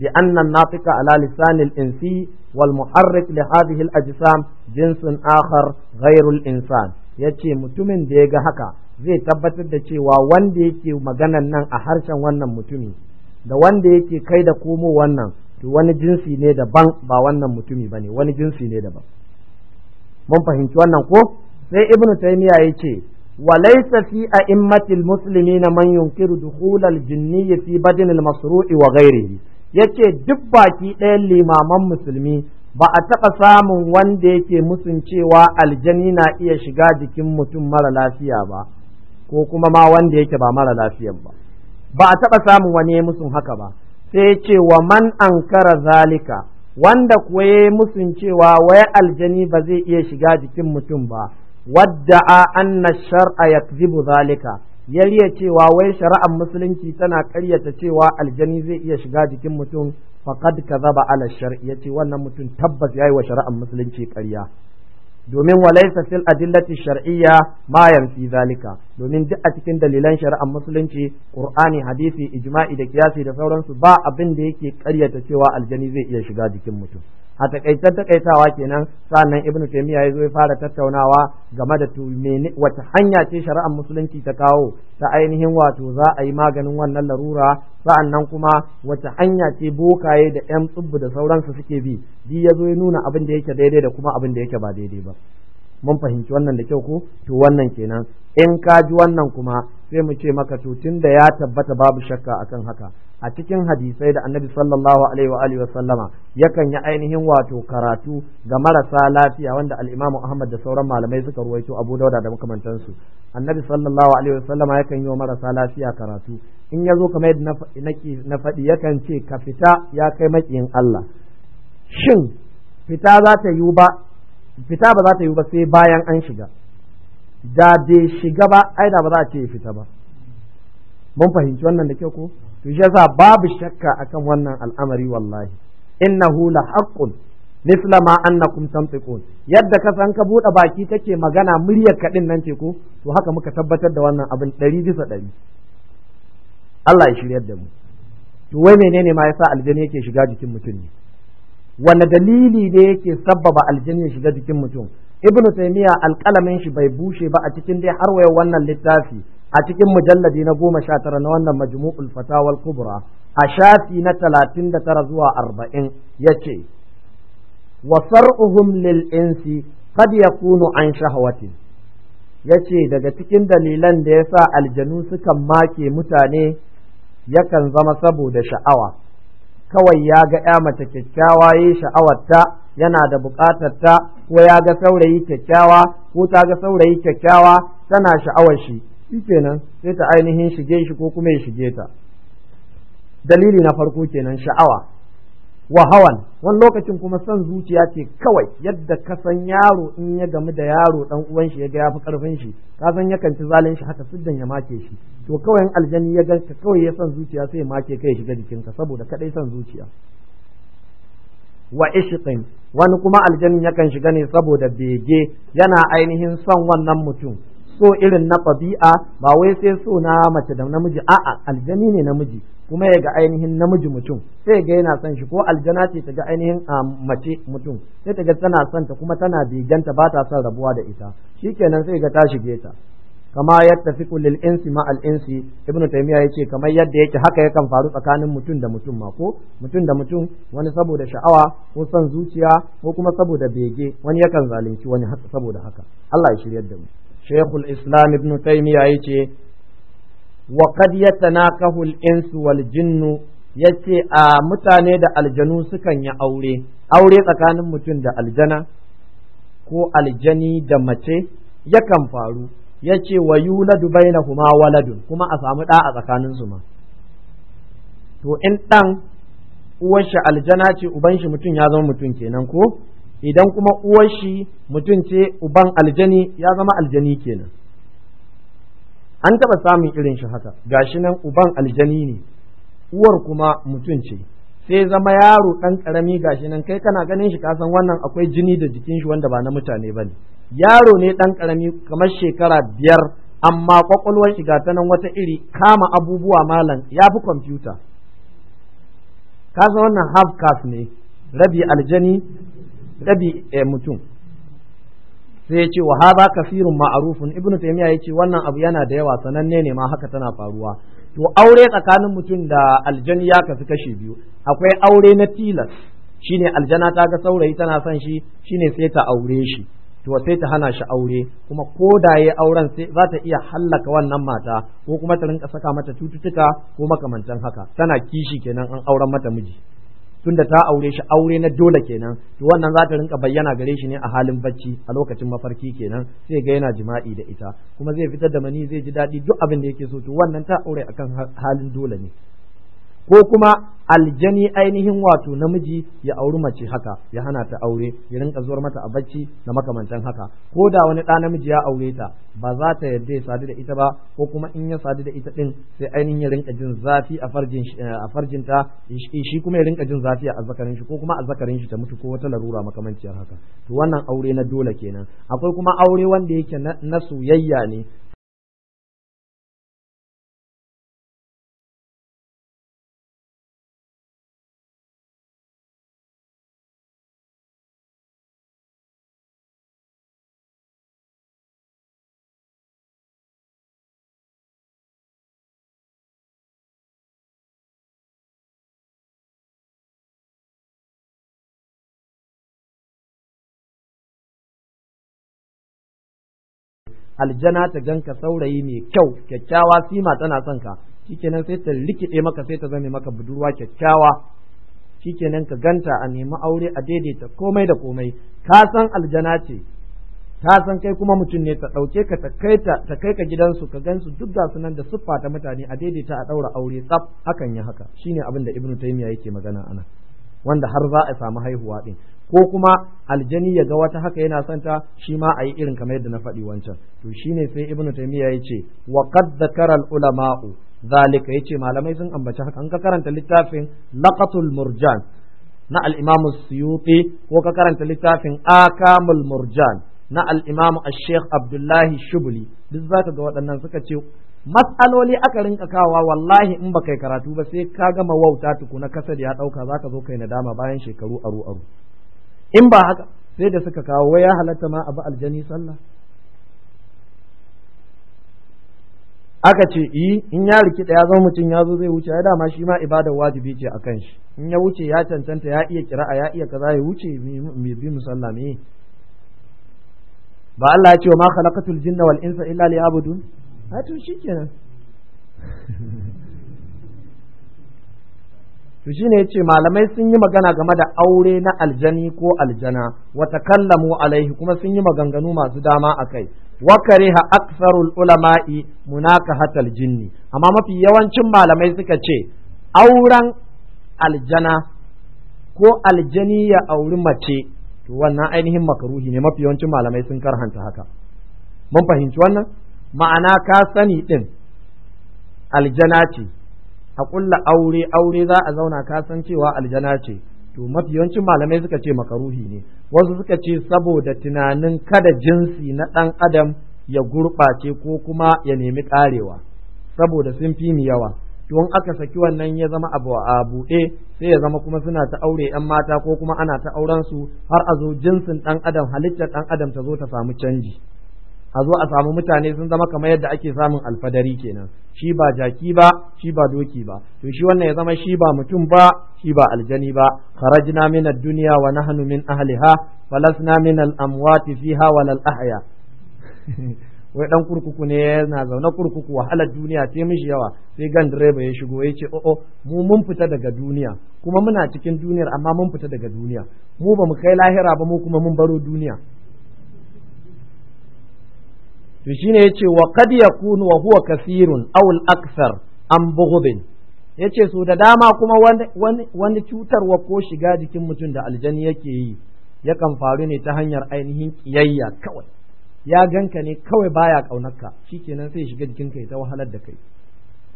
بأن الناطق على لسان الإنسي والمحرك لهذه الأجسام جنس آخر غير الإنسان yace mutumin da ya ga haka zai tabbatar da cewa wanda yake maganan nan a harshen wannan mutumi da wanda yake kai da komo wannan to wani jinsi ne daban ba wannan mutumi bane wani jinsi ne daban mun fahimci wannan ko sai ibnu taymiya yace وليس في أئمة المسلمين من ينكر دخول الجني في بدن المصروع وغيره yace duk baki ɗayan limaman musulmi ba a taɓa samun wanda yake musun cewa aljani na iya shiga jikin mutum mara lafiya ba ko kuma ma wanda yake ba mara lafiyan ba ba a taɓa samun wani ya musun haka ba sai ce wa man ankara zalika wanda kuwa ya musun cewa wai aljani ba zai iya shiga jikin mutum ba wadda a anna shar'a yakzibu zalika ya cewa wai shari'ar musulunci tana karyata cewa aljani zai iya shiga jikin mutum faqad kazaba ala shar'i ce wannan mutum tabbas yayi wa shari'ar musulunci karya domin walaysa a adillati shar'iyya ma yanfi zalika domin duk a cikin dalilan shari'ar musulunci qur'ani hadisi ijma'i da kiyasi da sauransu ba abin da yake karyata cewa aljani zai iya shiga jikin mutum a takaicen takaitawa kenan sannan ibnu taymiya ya zo ya fara tattaunawa game da wace hanya ce shari'ar musulunci ta kawo ta ainihin wato za a yi maganin wannan larura sa'annan kuma wace hanya ce bokaye da yan tsubbu da sauransu suke bi bi ya ya nuna abin da yake daidai da kuma abin da yake ba daidai ba mun fahimci wannan da kyau ko to wannan kenan in ka ji wannan kuma sai mu ce maka to tunda ya tabbata babu shakka akan haka a cikin hadisai da annabi sallallahu alaihi wa alihi sallama yakan yi ainihin wato karatu ga marasa lafiya wanda al-Imam Ahmad da sauran malamai suka ruwaito Abu Dawud da su annabi sallallahu alaihi wa sallama yakan yi wa marasa lafiya karatu in ya zo kamar yadda na faɗi yakan ce ka fita ya kai makiyin Allah shin fita za ta yi ba fita ba za ta yi ba sai bayan an shiga da bai shiga ba ai da ba za a ce fita ba mun fahimci wannan da kyau ko to shi babu shakka akan wannan al'amari wallahi innahu la haqqun misla ma annakum tantiqun yadda ka san ka buɗe baki kake magana muryar kaɗin nan ce ko to haka muka tabbatar da wannan abin 100 bisa 100 Allah ya shiryar da mu to wai menene ma yasa aljani yake shiga jikin mutum ne wanda dalili ne yake sabbaba aljani ya shiga jikin mutum ibnu taymiya alqalamin shi bai bushe ba a cikin dai har wayo wannan littafi a cikin mujalladi na goma sha tara na wannan majmu'ul fatawal kubra a shafi na talatin da tara zuwa arba'in ya ce wa sar'uhum lil insi qad yakunu an shahwatin ya ce daga cikin dalilan da ya sa aljanu sukan make mutane yakan zama saboda sha'awa kawai ya ga ya mace kyakkyawa ya sha'awarta yana da buƙatar ta ko ya ga saurayi kyakkyawa ko ta ga saurayi kyakkyawa tana sha'awar shi kenan sai ta ainihin shige shi ko kuma ya shige ta dalili na farko kenan sha'awa wa hawan wani lokacin kuma son zuciya ce kawai yadda ka san yaro in ya gamu da yaro dan uwan shi ya ga yafi karfin shi ka san yakan ci zalin shi haka siddan ya make shi to kawai aljani ya ga ka kawai ya san zuciya sai ya make kai shiga ka saboda kadai son zuciya wa ishqin wani kuma aljanin yakan shiga ne saboda bege yana ainihin son wannan mutum so irin na ɗabi'a ba wai sai so na mace da namiji a'a aljani ne namiji kuma ya ga ainihin namiji mutum sai ga yana son shi ko aljana ce ta ga ainihin ah, mace mutum sai ta ga tana son ta kuma tana biganta ba ta son rabuwa da ita shikenan sai ga ta shige ta kama yattafiqu lil insi ma al insi ibnu taymiya yace kamar yadda yake haka yakan faru tsakanin mutum da mutum ma ko mutum da mutum wani saboda sha'awa ko son zuciya ko kuma saboda bege wani yakan zalunci wani saboda haka Allah ya shiryar da mu shekul islam ibn taimiya ya ce wa kad tana kahul insu wal jinnu yace a mutane da aljanu sukan yi aure aure tsakanin mutum da aljana ko aljani da mace yakan faru yace wa yuladu bainahuma waladun kuma a samu ɗa a tsakanin su ma to in ɗan uwan shi aljana ce uban shi mutum ya zama mutum kenan ko idan kuma uwar shi mutum ce uban aljani ya zama aljani kenan an taɓa samun irin shi haka gashi nan uban aljani ne uwar kuma mutum ce sai zama yaro ɗan ƙarami gashi nan kai kana ganin shi kasan wannan akwai jini da jikin shi wanda ba na mutane ba ne yaro ne ɗan ƙarami kamar shekara biyar amma kwakwalwar shi ga ta nan wata iri kama abubuwa malam ya fi kwamfuta kasan wannan half caste ne rabi aljani ɗabi'a eh, mutum sai ya ce wa firin kasirun ma'arufun ibnu taymiya yace wannan abu yana da yawa sananne ne ma haka tana faruwa to aure tsakanin mutum da aljani ya kasu kashe biyu akwai aure na tilas shine aljana ta ga saurayi tana son shi shine sai ta aure shi to sai ta hana shi aure kuma ko da yayi auren sai za ta iya hallaka wannan mata ko kuma ta rinka saka mata cututtuka ko makamantan haka tana kishi kenan an auren mata miji tunda ta aure shi aure na dole kenan to wannan za ta rinka bayyana gare shi ne a halin bacci a lokacin mafarki kenan sai ga yana jima'i da ita kuma zai fitar da mani zai ji daɗi duk abin da yake so to wannan ta aure akan halin dole ne ko kuma aljani ainihin wato namiji ya auri mace haka ya hana ta aure ya rinka zuwar mata a bacci na makamantan haka ko da wani ɗa namiji ya aure ta ba za ta yarda ya sadu da ita ba ko kuma in ya sadu da ita din sai ainihin ya rinka jin zafi a farjin eh, a farjin shi kuma ya rinka jin zafi a azzakarin shi ko kuma azzakarin shi ta mutu ko wata larura makamanciyar haka to wannan aure na dole kenan akwai kuma aure wanda yake na soyayya ne aljana ta ganka saurayi mai kyau kyakkyawa sima tana son ka shikenan sai ta rikide maka sai ta zame maka budurwa kyakkyawa shikenan ka ganta a nemi aure a daidaita komai da komai ka san aljana ce ta san kai kuma mutum ne ta ɗauke ka ta kai ka gidansu ka gansu duk ga sunan da siffa ta mutane a daidaita a ɗaura aure tsaf hakan ya haka shine abin da ibnu taymiya yake magana anan wanda har za a samu haihuwa din ko kuma aljani ya ga wata haka yana santa shi ma a yi irin kamar yadda na faɗi wancan to shine sai ibnu taymiya ya ce wa qad dhakara ulama'u zalika yace malamai sun ambaci haka an ka karanta littafin laqatul murjan na al-imam suyuti ko ka karanta littafin akamul murjan na al-imam ash-sheikh abdullahi shubli duk zaka ga waɗannan suka ce Matsaloli aka rinka kawa wallahi in baka yi karatu ba sai ka gama wauta tukuna kasar ya dauka ka zo kai nadama bayan shekaru aru aru in ba haka sai da suka kawo wai ya halatta ma abu aljani sallah aka ce yi in ya rikida ya zama mutum ya zo zai wuce ya dama shi ma ibadar wajibi ce a kan shi in ya wuce ya cancanta ya iya kira'a ya iya kaza ya wuce mai bi musalla me ba Allah ya ce wa ma khalaqatul jinna wal insa illa liya'budun a to shi kenan to ne ce malamai sun yi magana game da aure na aljani ko aljana wata kallamu alaihi kuma sun yi maganganu masu dama akai wa kariha aksarul ulama'i munaka hatal jinni amma mafi yawancin malamai suka ce auren aljana ko aljani ya auri mace to wannan ainihin makaruhi ne mafi yawancin malamai sun karhanta haka mun fahimci wannan ma'ana ka sani ɗin aljana ce a ƙulla aure aure za a zauna ka san cewa aljana ce to mafi yawancin malamai suka ce makaruhi ne wasu suka ce saboda tunanin kada jinsi na ɗan adam ya gurɓace ko kuma ya nemi ƙarewa saboda sun fi ni yawa to in aka saki wannan ya zama abu a buɗe sai ya zama kuma suna ta aure yan mata ko kuma ana ta auren su har a zo jinsin ɗan adam halittar ɗan adam ta zo ta samu canji a zo a samu mutane sun zama kamar yadda ake samun alfadari kenan shi ba jaki ba shi ba doki ba to shi wannan ya zama shi ba mutum ba shi ba aljani ba kharajna min ad-dunya wa nahnu min ahliha falasna min al-amwati fiha lal ahya wai dan kurkuku ne yana zaune kurkuku wahalar duniya ce mishi yawa sai gan direba ya shigo ya ce o'o oh, oh, mu mun fita daga duniya kuma muna cikin duniyar amma mun fita daga duniya mu ba mu kai lahira ba mu kuma mun baro duniya to ya ce wa ya yakunu wa huwa kasirun awul Aksar, an an ya ce so da dama kuma wani cutarwa ko shiga jikin mutum da aljani yake yi yakan faru ne ta hanyar ainihin kiyayya kawai ya ganka ne kawai baya kaunarka kenan sai shiga jikin kai ta wahalar da kai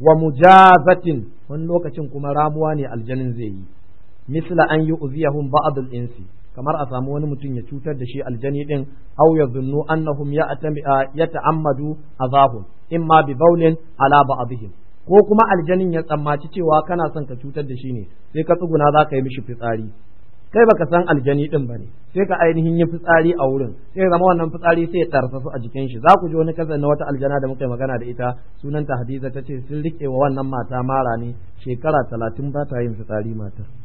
wa mujazatin wani lokacin kuma ramuwa ne aljanin zai yi misla an yi uziyahun ba'adul insi kamar a samu wani mutum ya cutar da shi aljani din aw yadhunnu annahum ah, yata'ammadu azahum imma bi bawlin ala ba'dihim ko kuma aljanin ya tsammaci cewa kana son ka cutar da shi ne sai ka tsuguna za ka yi mishi fitsari kai baka san aljani din bane sai ka ainihin yi fitsari a wurin sai zama wannan fitsari sai ya tarsa su a jikin shi za ku ji wani kasa na wata aljana da muka yi magana da ita sunanta Hadiza ta ce sun rike wa wannan mata mara ne shekara talatin ba ta yin fitsari matar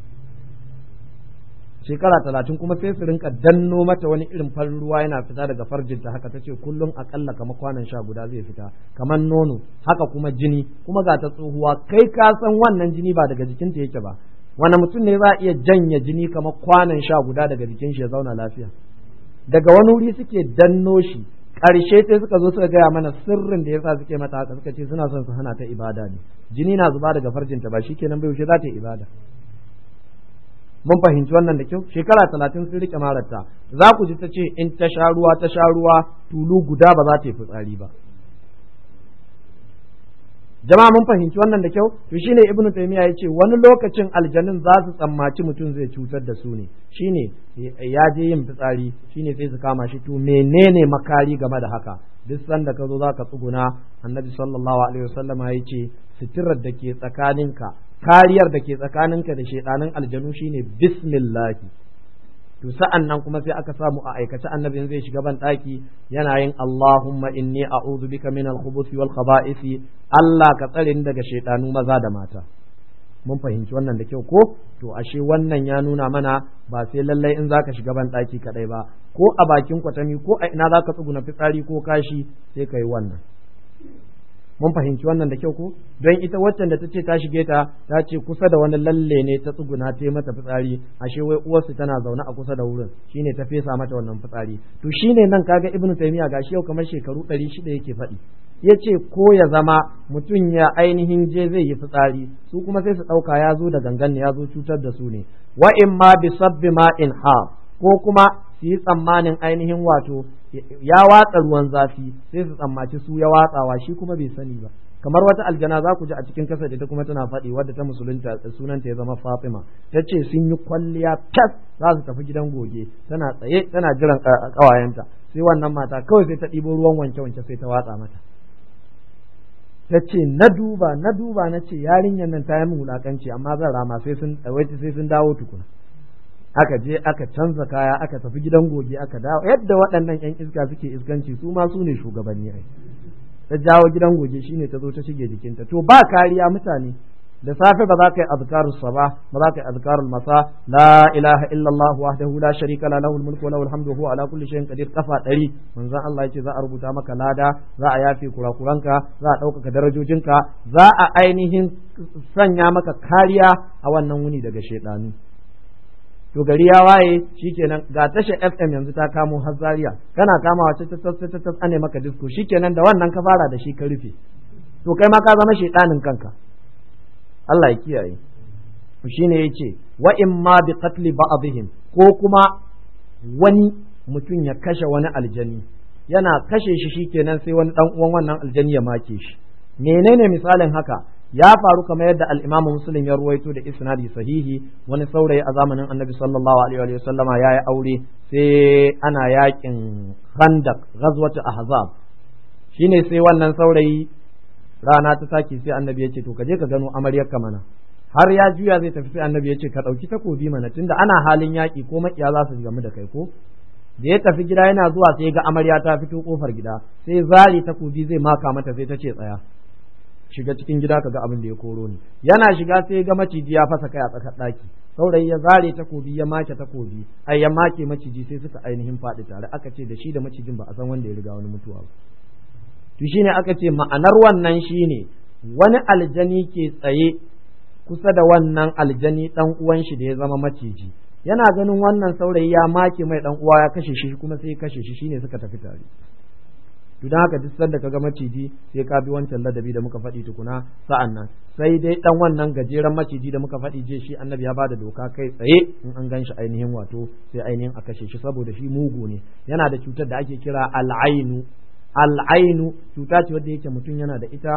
shekara talatin kuma sai su rinka danno mata wani irin farin ruwa yana fita daga farjinta haka ta ce kullum akalla kamar kwanan sha guda zai fita kamar nono haka kuma jini kuma ga ta tsohuwa kai ka san wannan jini ba daga jikinta yake ba wani mutum ne za a iya janye jini kamar kwanan sha guda daga jikin shi ya zauna lafiya daga wani wuri suke danno shi ƙarshe sai suka zo suka gaya mana sirrin da yasa suke mata haka suka ce suna son su hana ta ibada ne jini na zuba daga farjinta ba shikenan bai wuce za ta yi ibada mun fahimci wannan da kyau shekara talatin sun rike mararta za ku ji ta ce in ta sha ruwa ta sha ruwa tulu guda ba za ta yi fitsari ba jama'a mun fahimci wannan da kyau to shine ibnu taymiya yace wani lokacin aljanun za su tsammaci mutum zai cutar da su ne shine ya je yin fitsari shine sai su kama shi to menene makari game da haka duk sanda ka zo zaka tsuguna annabi sallallahu alaihi wasallama yace sitirar da ke tsakaninka kariyar da ke tsakaninka da shaidanin aljanu shine bismillah to sa'an nan kuma sai aka samu a aikace annabin zai shiga ban daki yana yin Allahumma inni a'udhu bika min al-khubuthi wal khaba'isi Allah ka tsare ni daga shaidanu maza da mata mun fahimci wannan da kyau ko to ashe wannan ya nuna mana ba sai lallai in zaka shiga ban daki kadai ba ko a bakin kwatami ko a ina zaka tsuguna fitsari ko kashi sai kai wannan mun fahimci wannan da kyau ko don ita waccan da ta ce ta shige ta ta ce kusa da wani lalle ne ta tsuguna ta yi mata fitsari ashe wai uwarsu tana zaune a kusa da wurin shine ta fesa mata wannan fitsari to shine nan kaga ibnu taymiya gashi yau kamar shekaru 600 yake faɗi ya ce ko ya zama mutum ya ainihin je zai yi fitsari su kuma sai su ɗauka ya zo da gangan ne ya zo cutar da su ne wa in ma bi sabbi ma in ha ko kuma su yi tsammanin ainihin wato ya watsa ruwan zafi sai su tsammaci su ya watsawa shi kuma bai sani ba kamar wata aljana za ku ji a cikin kasar da ta kuma tana faɗi wadda ta musulunta sunanta ya zama Fatima ta ce sun yi kwalliya tas za su tafi gidan goge tana tsaye tana jiran ƙawayenta sai wannan mata kawai sai ta ɗibo ruwan wanke wanke sai ta watsa mata ta ce na duba na duba na ce yarinyar nan ta yi min wulakanci amma zan rama sai sun sai sun dawo tukuna aka je aka canza kaya aka tafi gidan goge aka dawo yadda waɗannan yan iska suke iskanci su ma su ne shugabanni ai ta jawo gidan goge shine ta zo ta shige jikinta to ba kariya mutane da safe ba za ka yi azkarus sabah ba za ka yi azkarul masa la ilaha illallah wahdahu la sharika la lahul mulku wa lahul hamdu huwa ala kulli shay'in qadir kafa ɗari manzon Allah yace za a rubuta maka lada za a yafe kurakuranka za a ɗaukaka darajojinka za a ainihin sanya maka kariya a wannan wuni daga shaiɗanu to gari ya waye shikenan ga tashar FM yanzu ta kamo har Zariya. kana kamawa ta tas ta tas ane maka disko shikenan da wannan ka fara da shi ka rufe to kai ma ka zama shedanin kanka Allah ya kiyaye to shine yace wa in ma bi qatli ba'dihim ko kuma wani mutum ya kashe wani aljani yana kashe shi shikenan sai wani dan uwan wannan aljani ya make shi menene misalin haka ya faru kamar yadda al-Imam Muslim ya ruwaito da isnadi sahihi wani saurayi a zamanin Annabi sallallahu alaihi wa sallama yayi aure sai ana yakin Khandaq ghazwatu Ahzab shine sai wannan saurayi rana ta saki sai Annabi ya ce to kaje ka gano amaryar ka mana har ya juya zai tafi sai Annabi ya ce ka dauki takobi mana tunda ana halin yaki ko makiya za su gamu da kai ko da ya tafi gida yana zuwa sai ga amarya ta fito kofar gida sai zali takobi zai maka mata sai ta ce tsaya shiga cikin gida ka ga abin da ya koro ne, yana shiga sai ga maciji ya fasa kai a tsakar daki saurayi ya zare takobi ya make takobi ai ya make maciji sai suka ainihin faɗi tare aka ce da shi da macijin ba a san wanda ya riga wani mutuwa ba to shine aka ce ma'anar wannan shine wani aljani ke tsaye kusa da wannan aljani dan uwan shi da ya zama maciji yana ganin wannan saurayi ya make mai dan uwa ya kashe shi kuma sai ya kashe shi shine suka tafi tare to dan haka duk sanda kaga maciji sai ka bi wancan ladabi da muka faɗi tukuna sa'an nan sai dai dan wannan gajeren maciji da muka faɗi je shi annabi ya bada doka kai tsaye in an ganshi ainihin wato sai ainihin a kashe shi saboda shi mugu ne yana da cutar da ake kira al'ainu al'ainu cuta ce wadda yake mutum yana da ita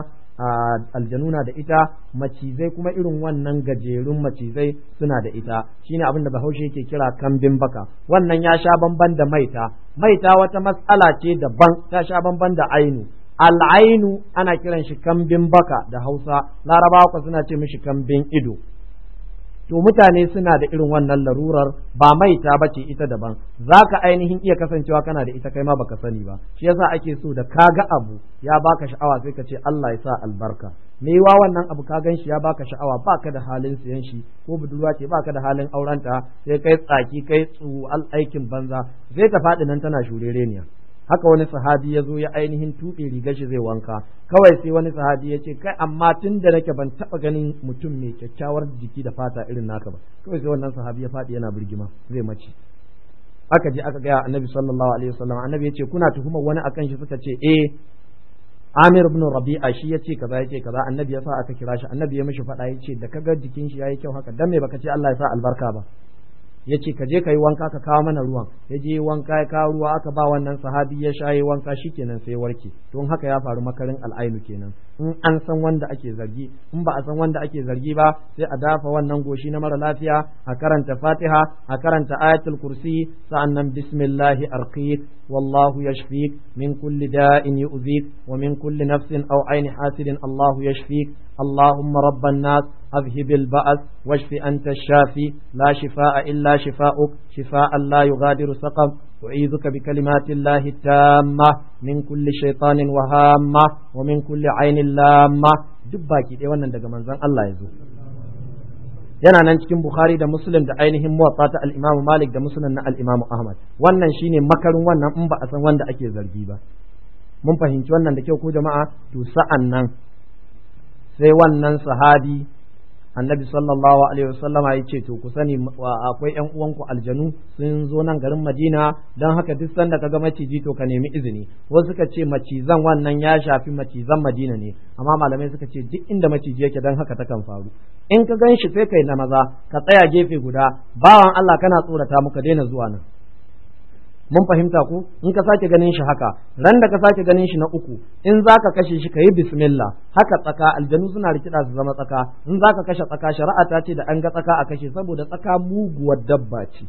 aljanu na da ita macizai kuma irin wannan gajerun macizai suna da ita shine abin da bahaushe yake kira kambin baka wannan ya sha bamban da maita maita wata matsala ce daban ta sha bamban da ainu al'ainu ana kiran shi kambin baka da hausa larabawa suna ce mishi kambin ido to mutane suna da irin wannan larurar ba mai ta bace ita daban za ka ainihin iya kasancewa kana da ita kai ma baka sani ba shi yasa ake so da ka ga abu ya baka sha'awa sai ka ce Allah ya sa albarka me yiwa wannan abu ka gan shi ya baka sha'awa baka da halin siyan shi ko budurwa ce baka da halin ta sai kai tsaki kai tsu aikin banza zai ta faɗi nan tana shurereniya haka wani sahabi ya zo ya ainihin tuɓe rigar shi zai wanka kawai sai wani sahabi ya ce kai amma tun da nake ban taɓa ganin mutum mai kyakkyawar jiki da fata irin naka ba kawai sai wannan sahabi ya faɗi yana birgima zai mace aka je aka gaya annabi sallallahu alaihi wasallam annabi ya ce kuna tuhumar wani akan shi suka ce eh Amir ibn Rabi'a shi ya ce kaza ya ce kaza annabi ya sa aka kira shi annabi ya mishi faɗa ya ce da kaga jikin shi yayi kyau haka dan me baka ce Allah ya sa albarka ba ya ce ka je ka yi wanka ka kawo mana ruwan ya je wanka ya kawo ruwa aka ba wannan sahabi ya sha yi wanka shi kenan sai warke don haka ya faru makarin al'ainu kenan in an san wanda ake zargi in ba a san wanda ake zargi ba sai a dafa wannan goshi na mara lafiya a karanta fatiha a karanta ayatul kursi sa'annan bismillahi arqiq wallahu yashfik min kulli da'in yu'zik wa min kulli nafsin aw aini hasidin allahu yashfik اللهم rabban nas أذهب البأس واشف أنت الشافي لا شفاء إلا شفاؤك شفاء لا يغادر سقم أعيذك بكلمات الله التامة من كل شيطان وهامة ومن كل عين لامة دباكي دي wannan daga manzon Allah yazo yana nan cikin Bukhari da Muslim da ainihin muwatta ta al-Imam Malik da Musnad na al-Imam Ahmad wannan shine makarin wannan in ba a san wanda ake zargi ba mun fahimci wannan da kyau ko jama'a to sa'an nan sai wannan sahabi annabi sallallahu alaihi wasallama ya ce to ku sani akwai ƴan uwanku aljanu sun zo nan garin Madina don haka duk sanda kaga maciji to ka nemi izini wasu suka ce macizan wannan ya shafi macizan Madina ne amma malamai suka ce duk inda maciji yake dan haka takan faru in ka gan shi sai kai na maza ka tsaya gefe guda bawan Allah kana tsorata muka daina zuwa nan mun fahimta ku in ka sake ganin shi haka ran da ka sake ganin shi na uku in za ka kashe shi ka yi bismillah haka tsaka aljanu suna rikida su zama tsaka in za ka kashe tsaka shari'a ta ce da an ga tsaka a kashe saboda tsaka muguwar dabba ce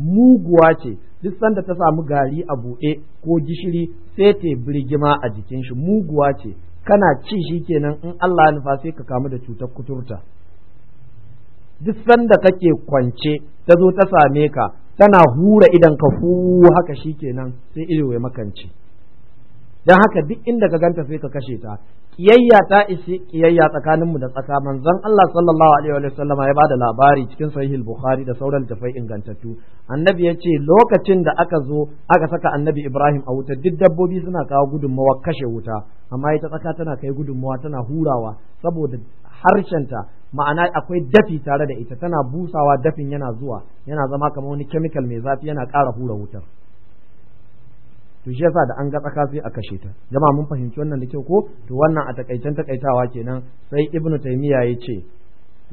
muguwa ce duk sanda ta samu gari a buɗe ko gishiri sai ta birgima a jikin shi muguwa ce kana ci shi kenan in Allah ya nufa sai ka kamu da cutar kuturta duk sanda kake kwance ta zo ta same ka kana hura idan ka fu haka shikenan sai ido ya makanci dan haka duk inda ka ganta sai ka kashe ta kiyayya ta isi kiyayya tsakanin mu da tsaka manzon Allah sallallahu alaihi wa sallama ya bada labari cikin sahihul bukhari da sauran tafai ingantattu annabi ya ce lokacin da aka zo aka saka annabi Ibrahim a wuta duk dabbobi suna kawo gudunmawa kashe wuta amma ita tsaka tana kai gudunmawa tana hurawa saboda harshenta ma'ana akwai dafi tare da ita tana busawa dafin yana zuwa yana zama kamar wani chemical mai zafi yana ƙara hura wutar to shi yasa da an ga tsaka sai a kashe ta jama'a mun fahimci wannan da kyau ko to wannan a takaicen takaitawa kenan sai ibnu taymiya ya ce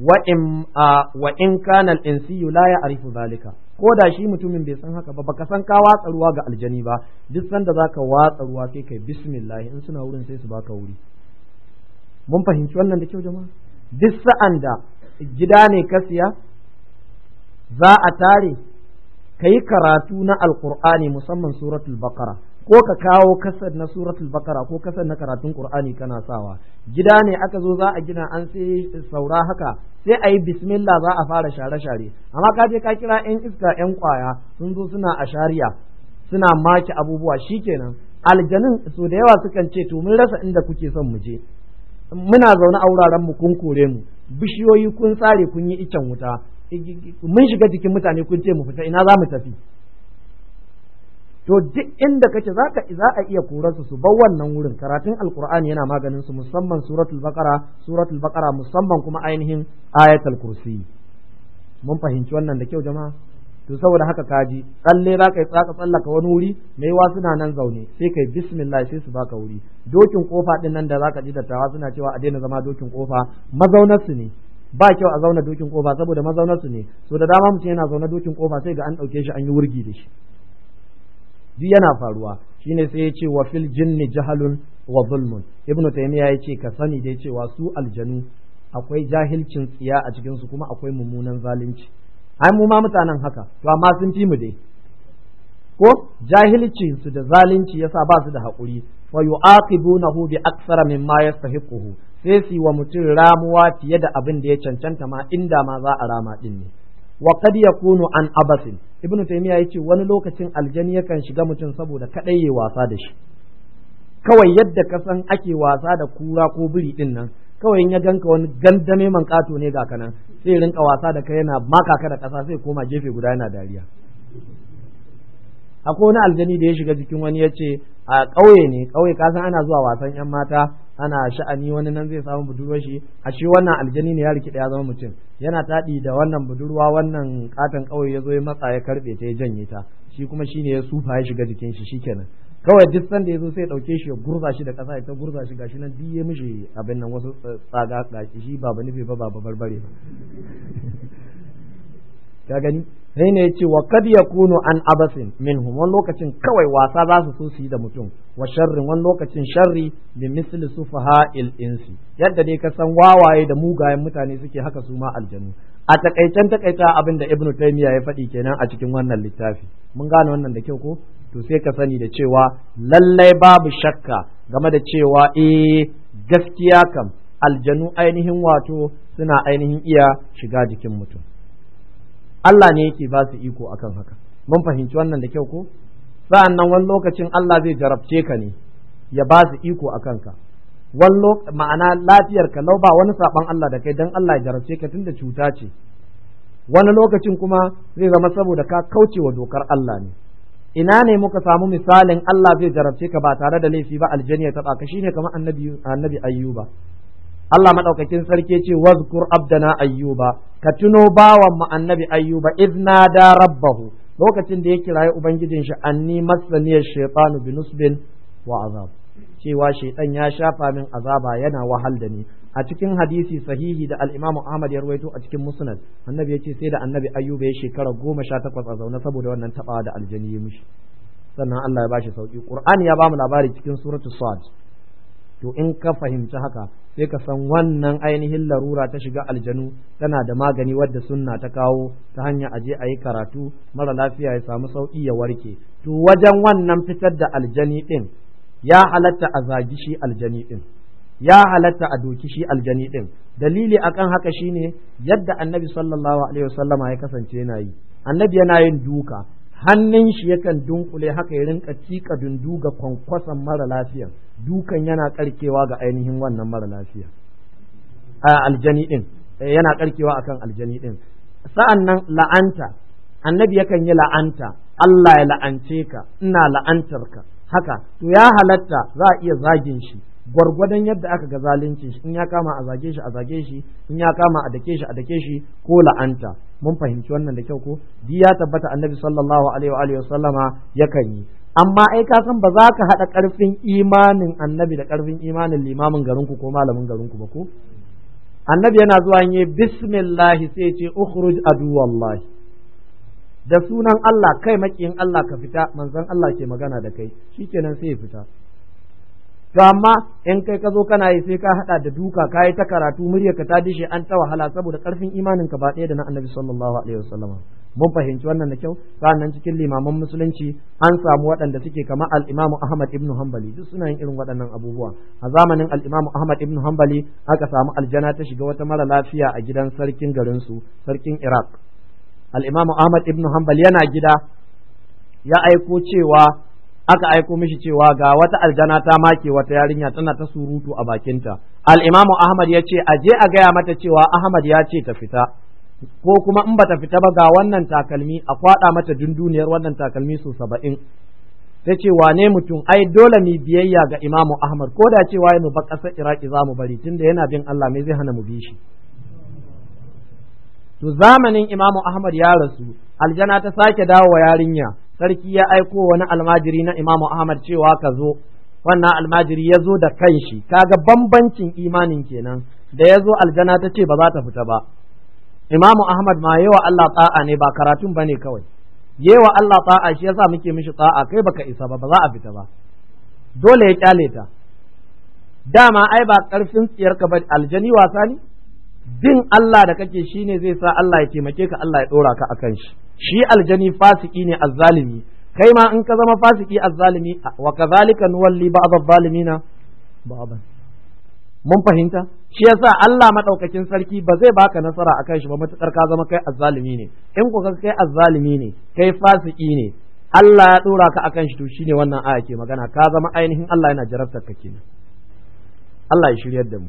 wa in wa in kana al-insiyu la ya'rifu zalika ko da shi mutumin bai san haka ba baka san ka watsa ruwa ga aljani ba duk sanda zaka watsa ruwa sai kai bismillah in suna wurin sai su baka wuri mun fahimci wannan da kyau jama'a duk sa'an da gida ne ka siya za a tare ka yi karatu na alkur'ani musamman suratul bakara ko ka kawo kasar na suratul bakara ko kasar na karatun qur'ani kana sawa gida ne aka zo za a gina an sai saura haka sai a yi bismillah za a fara share-share amma ka je ka kira yan iska yan kwaya sun zo suna a shari'a suna maki abubuwa shi kenan aljanin so da yawa sukan ce to mun rasa inda kuke son mu je muna zaune a wuraren mu kun kore mu bishiyoyi kun tsare kun yi icen wuta mun shiga jikin mutane kun ce mu fita ina za mu tafi to duk inda kace zaka za a iya korar su bar wannan wurin karatun alqur'ani yana maganin su musamman suratul baqara suratul baqara musamman kuma ainihin ayatul kursi mun fahimci wannan da kyau jama'a to saboda haka ka ji tsalle za ka yi tsaka tsallaka wani wuri mai wa suna nan zaune sai kai bismillah sai su baka wuri dokin kofa din nan da za ka ji dattawa suna cewa a daina zama dokin kofa mazaunar su ne ba kyau a zauna dokin kofa saboda mazaunar su ne so da dama mutum yana zaune dokin kofa sai ga an ɗauke shi an yi wurgi da shi duk yana faruwa shine sai ya ce wa fil jinni jahalun wa zulmun ibnu taymiya ya ce ka sani dai cewa su aljanu akwai jahilcin tsiya a cikin su kuma akwai mummunan zalunci ai mu ma mutanen haka to amma sun fi mu dai ko jahilcin su da zalunci yasa ba su da hakuri wa yu'aqibunahu bi aksara mimma yastahiquhu sai su wa mutum ramuwa fiye da abin da ya cancanta ma inda ma za a rama din ne wa qad yakunu an abasin ibnu taymiya yace wani lokacin aljani yakan shiga mutum saboda kadai ya wasa da shi kawai yadda ka san ake wasa da kura ko biri din kawai in ya ganka wani gandame man kato ne ga kanan sai rinka wasa da kai yana maka ka da kasa sai koma jefe guda yana dariya akwai wani aljani da ya shiga jikin wani ya ce a ƙauye ne ƙauye kasan ana zuwa wasan yan mata ana sha'ani wani nan zai samu budurwar shi a shi wannan aljani ne ya rikida ya zama mutum yana taɗi da wannan budurwa wannan katon ƙauye ya zo ya matsa ya karɓe ta ya janye ta shi kuma shine ya sufa ya shiga jikin shi shikenan kawai duk sanda ya zo sai dauke shi ya gurza shi da kasa ya ta gurza shi gashi nan duk ya mishi abin nan wasu tsaga gashi shi ba ba nufi ba ba barbare ba ka gani sai ne yace wa kad yakunu an abasin minhum wani lokacin kawai wasa za su so su yi da mutum wa sharrin wani lokacin sharri bi misli sufaha'il insi yadda dai ka san wawaye da mugayen mutane suke haka su ma aljanu a takaicen takaita abin da ibnu taymiya ya faɗi kenan a cikin wannan littafi mun gane wannan da kyau ko to sai ka sani da cewa lallai babu shakka game da cewa eh gaskiya kam aljanu ainihin wato suna ainihin iya shiga jikin mutum Allah ne yake ba su iko akan haka mun fahimci wannan da kyau ko sa'an nan wani lokacin Allah zai jarabce ka ne ya ba su iko akan ka wallo ma'ana lafiyar ka lau ba wani saban Allah da kai dan Allah ya jarabce ka da cuta ce wani lokacin kuma zai zama saboda ka kaucewa dokar Allah ne ina ne muka samu misalin Allah zai jarabce ka ba tare da laifi ba aljani ya taba ka shine kamar annabi ayyuba Allah madaukakin sarki ce wazkur abdana ayyuba ka tuno bawan mu annabi ayyuba Izna da rabbahu lokacin da ya kirayi ubangijin shi anni masaniyar shaytanu binusbin wa azab cewa shaytan ya shafa min azaba yana wahal da ni a cikin hadisi sahihi da al-Imam Ahmad ya ruwaito a cikin Musnad annabi ya ce sai da annabi Ayyub ya shekara 18 a zaune saboda wannan taba da aljani ya mishi sannan Allah ya ba shi sauƙi. Qur'ani ya ba mu labari cikin suratul Sad to in ka fahimci haka sai ka san wannan ainihin larura ta shiga aljanu tana da magani wadda sunna ta kawo ta hanya aje a yi karatu mara lafiya ya samu sauki ya warke to wajen wannan fitar da aljani din ya halatta a zagi shi aljani din ya halatta a doki shi aljani ɗin dalili akan haka shine yadda annabi sallallahu alaihi wasallama ya kasance na yi annabi yana yin duka hannun shi yakan dunkule haka ya rinka cika dunduga kwankwason mara lafiya dukan yana karkewa ga ainihin wannan mara lafiya a aljani din eh, yana karkewa akan aljani ɗin sa'an nan la'anta annabi yakan yi la'anta Allah ya la'ance ka ina la'antar ka haka to ya halatta za a iya zagin shi gwargwadon yadda aka ga zalunci in ya kama a zage shi a zage shi in ya kama a dake shi a dake shi ko la'anta mun fahimci wannan da kyau ko di ya tabbata annabi sallallahu alaihi wa alihi wasallama yakan yi amma ai ka san ba za ka hada karfin imanin annabi da karfin imanin limamin garin ku ko malamin garin ku ba ko annabi yana zuwa yin bismillah sai ce ukhruj adu wallahi da sunan Allah kai makiyin Allah ka fita manzon Allah ke magana da kai shikenan sai ya fita to amma in kai ka zo kana yi sai ka hada da duka ka yi ta karatu murya ka ta dishe an ta wahala saboda karfin imanin ka ba ɗaya da na annabi sallallahu alaihi wasallam mun fahimci wannan da kyau sannan cikin limaman musulunci an samu waɗanda suke kamar al-Imam Ahmad ibn Hanbali duk suna yin irin waɗannan abubuwa a zamanin al-Imam Ahmad ibn Hanbali aka samu aljana ta shiga wata mara lafiya a gidan sarkin garin su sarkin Iraq al-Imam Ahmad ibn Hanbali yana gida ya aiko cewa aka aiko mishi cewa ga wata aljana ta make wata yarinya tana ta surutu a bakinta al-imamu ahmad ya ce a je a gaya mata cewa ahmad ya ce ta fita ko kuma in bata fita ba ga wannan takalmi a kwada mata dunduniyar wannan takalmi su saba'in ta ce wane mutum ai dole mu biyayya ga imamu ahmad ko da cewa mu ba ƙasar iraki za mu bari tunda yana bin allah me zai hana mu bi shi to zamanin imamu ahmad ya rasu aljana ta sake dawo wa yarinya sarki ya aiko wani almajiri na imamu Ahmad cewa ka zo wannan almajiri ya zo da kanshi kaga bambancin imanin kenan da ya zo aljana ta ce ba za ta fita ba imamu Ahmad ma yawa Allah ta'a ne ba karatun ba ne kawai Yawa Allah ta'a shi yasa muke mishi ta'a kai baka isa ba ba za a fita ba dole ya kyale ta dama ai ba karfin tsiyarka ba aljani wasa ne bin Allah da kake ne zai sa Allah ya taimake ka Allah ya ɗora ka akan shi shi aljani fasiki ne azzalimi kai ma in ka zama fasiki azzalimi wa kazalika nuwalli ba'd adh-dhalimina ba'dan mun fahimta shi yasa Allah madaukakin sarki ba zai baka nasara akan shi ba matukar ka zama kai azzalimi ne in ku ga kai azzalimi ne kai fasiki ne Allah ya dora ka akan shi to shine wannan aya ke magana ka zama ainihin Allah yana jarabtar ka kenan Allah ya shiryar da mu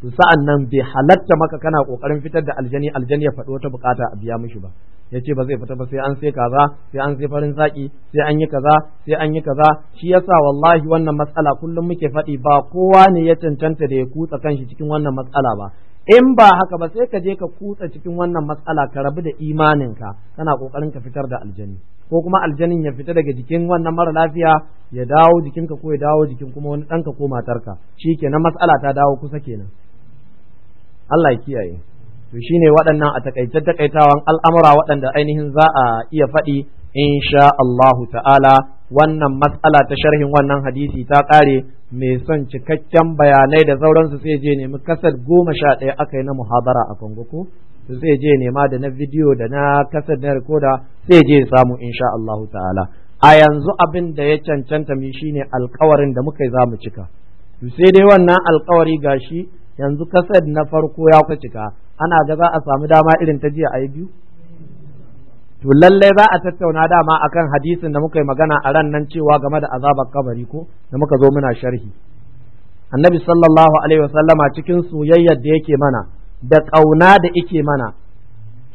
to sa'an nan bai halatta maka kana kokarin fitar da aljani aljani ya faɗi wata bukata a biya mishi ba ya ce ba zai fita ba sai an sai kaza sai an sai farin zaki sai an yi kaza sai an yi kaza shi yasa wallahi wannan matsala kullum muke faɗi ba kowa ne ya cancanta da ya kutsa kanshi cikin wannan matsala ba in ba haka ba sai ka je ka kutsa cikin wannan matsala ka rabu da imaninka kana kokarin ka fitar da aljani ko kuma aljanin ya fita daga jikin wannan mara lafiya ya dawo jikinka ko ya dawo jikin kuma wani ɗanka ko matarka kenan matsala ta dawo kusa kenan Allah ya kiyaye to shine waɗannan a takaice takaitawan al'amura waɗanda ainihin za a iya faɗi sha Allahu ta'ala wannan matsala ta sharhin wannan hadisi ta ƙare mai son cikakken bayanai da sauransu sai je nemi kasar goma sha ɗaya aka yi na muhabara a kwangoko ko to sai je nema da na bidiyo da na kasar na rikoda sai je samu sha Allahu ta'ala a yanzu abin da ya cancanta mi shine alkawarin da muka yi za mu cika sai dai wannan alkawari gashi yanzu kasar na farko ya ku cika ana ga za a samu dama irin ta jiya a yi biyu to lallai za a tattauna dama akan hadisin da muka yi magana a ran nan cewa game da azabar kabari ko da muka zo muna sharhi annabi sallallahu alaihi wasallama cikin soyayyar da yake mana da ƙauna da yake mana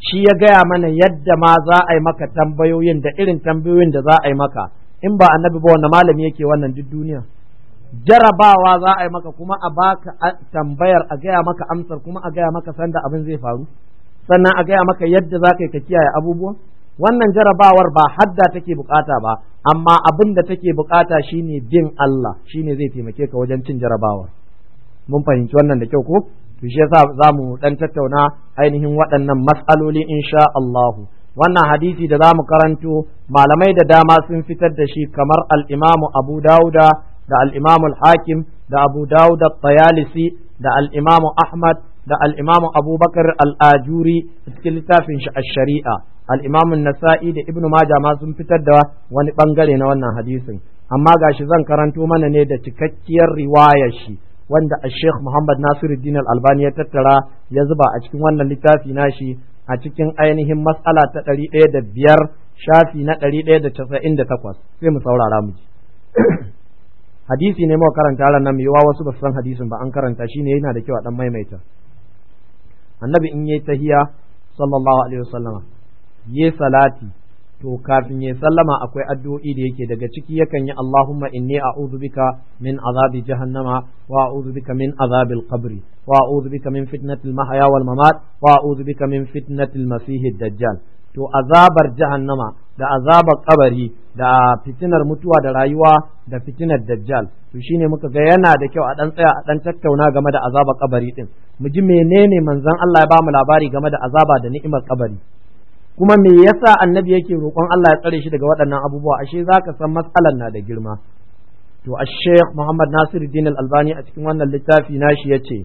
shi ya gaya mana yadda ma za a yi maka tambayoyin da irin tambayoyin da za a yi maka in ba annabi ba wanda malami yake wannan duk duniya jarabawa za a yi maka kuma a baka tambayar a gaya maka amsar kuma a gaya maka sanda abin zai faru sannan a gaya maka yadda za ka yi ka kiyaye abubuwan wannan jarabawar ba hadda take bukata ba amma abin da take bukata shine bin Allah shine zai taimake ka wajen cin jarabawar mun fahimci wannan da kyau ko to shi yasa zamu dan tattauna ainihin waɗannan matsaloli insha Allah wannan hadisi da zamu karanto malamai da dama sun fitar da shi kamar al-Imam Abu Dawuda da al-Imam hakim da Abu Dawud al-Tayalisi da al Ahmad da al Abubakar al-Ajuri cikin littafin shi a sharia al nasai da Ibn maja ma sun fitar da wani bangare na wannan hadisin amma gashi zan karanto mana ne da cikakkiyar riwayar shi wanda Sheikh Muhammad Nasiruddin Al-Albani ya tattara ya zuba a cikin wannan littafi nashi a cikin ainihin matsala ta ɗari ɗaya da biyar shafi na ɗari ɗaya da casa'in da takwas sai mu saurara mu ji. hadisi ne mawa karanta ran nan wasu ba san hadisin ba an karanta shi ne yana da kyau a dan maimaita annabi in yayi tahiya sallallahu alaihi wasallama yayi salati to kafin yayi sallama akwai addu'o'i da yake daga ciki yakan yi Allahumma inni a'udhu bika min azabi jahannama wa a'udhu bika min azabil qabri wa a'udhu bika min fitnatil mahya wal mamat wa a'udhu bika min fitnatil masiihid dajjal to azabar jahannama da azabar kabari da fitinar mutuwa da rayuwa da fitinar dajjal to shine muka ga yana da kyau a dan tsaya a dan tattauna game da azabar kabari din mu ji menene manzon Allah ya ba mu labari game da azaba da ni'imar kabari kuma me yasa annabi yake roƙon Allah ya tsare shi daga waɗannan abubuwa ashe zaka san matsalar na da girma to a Sheikh Muhammad Nasiruddin Al-Albani a cikin wannan littafi nashi yace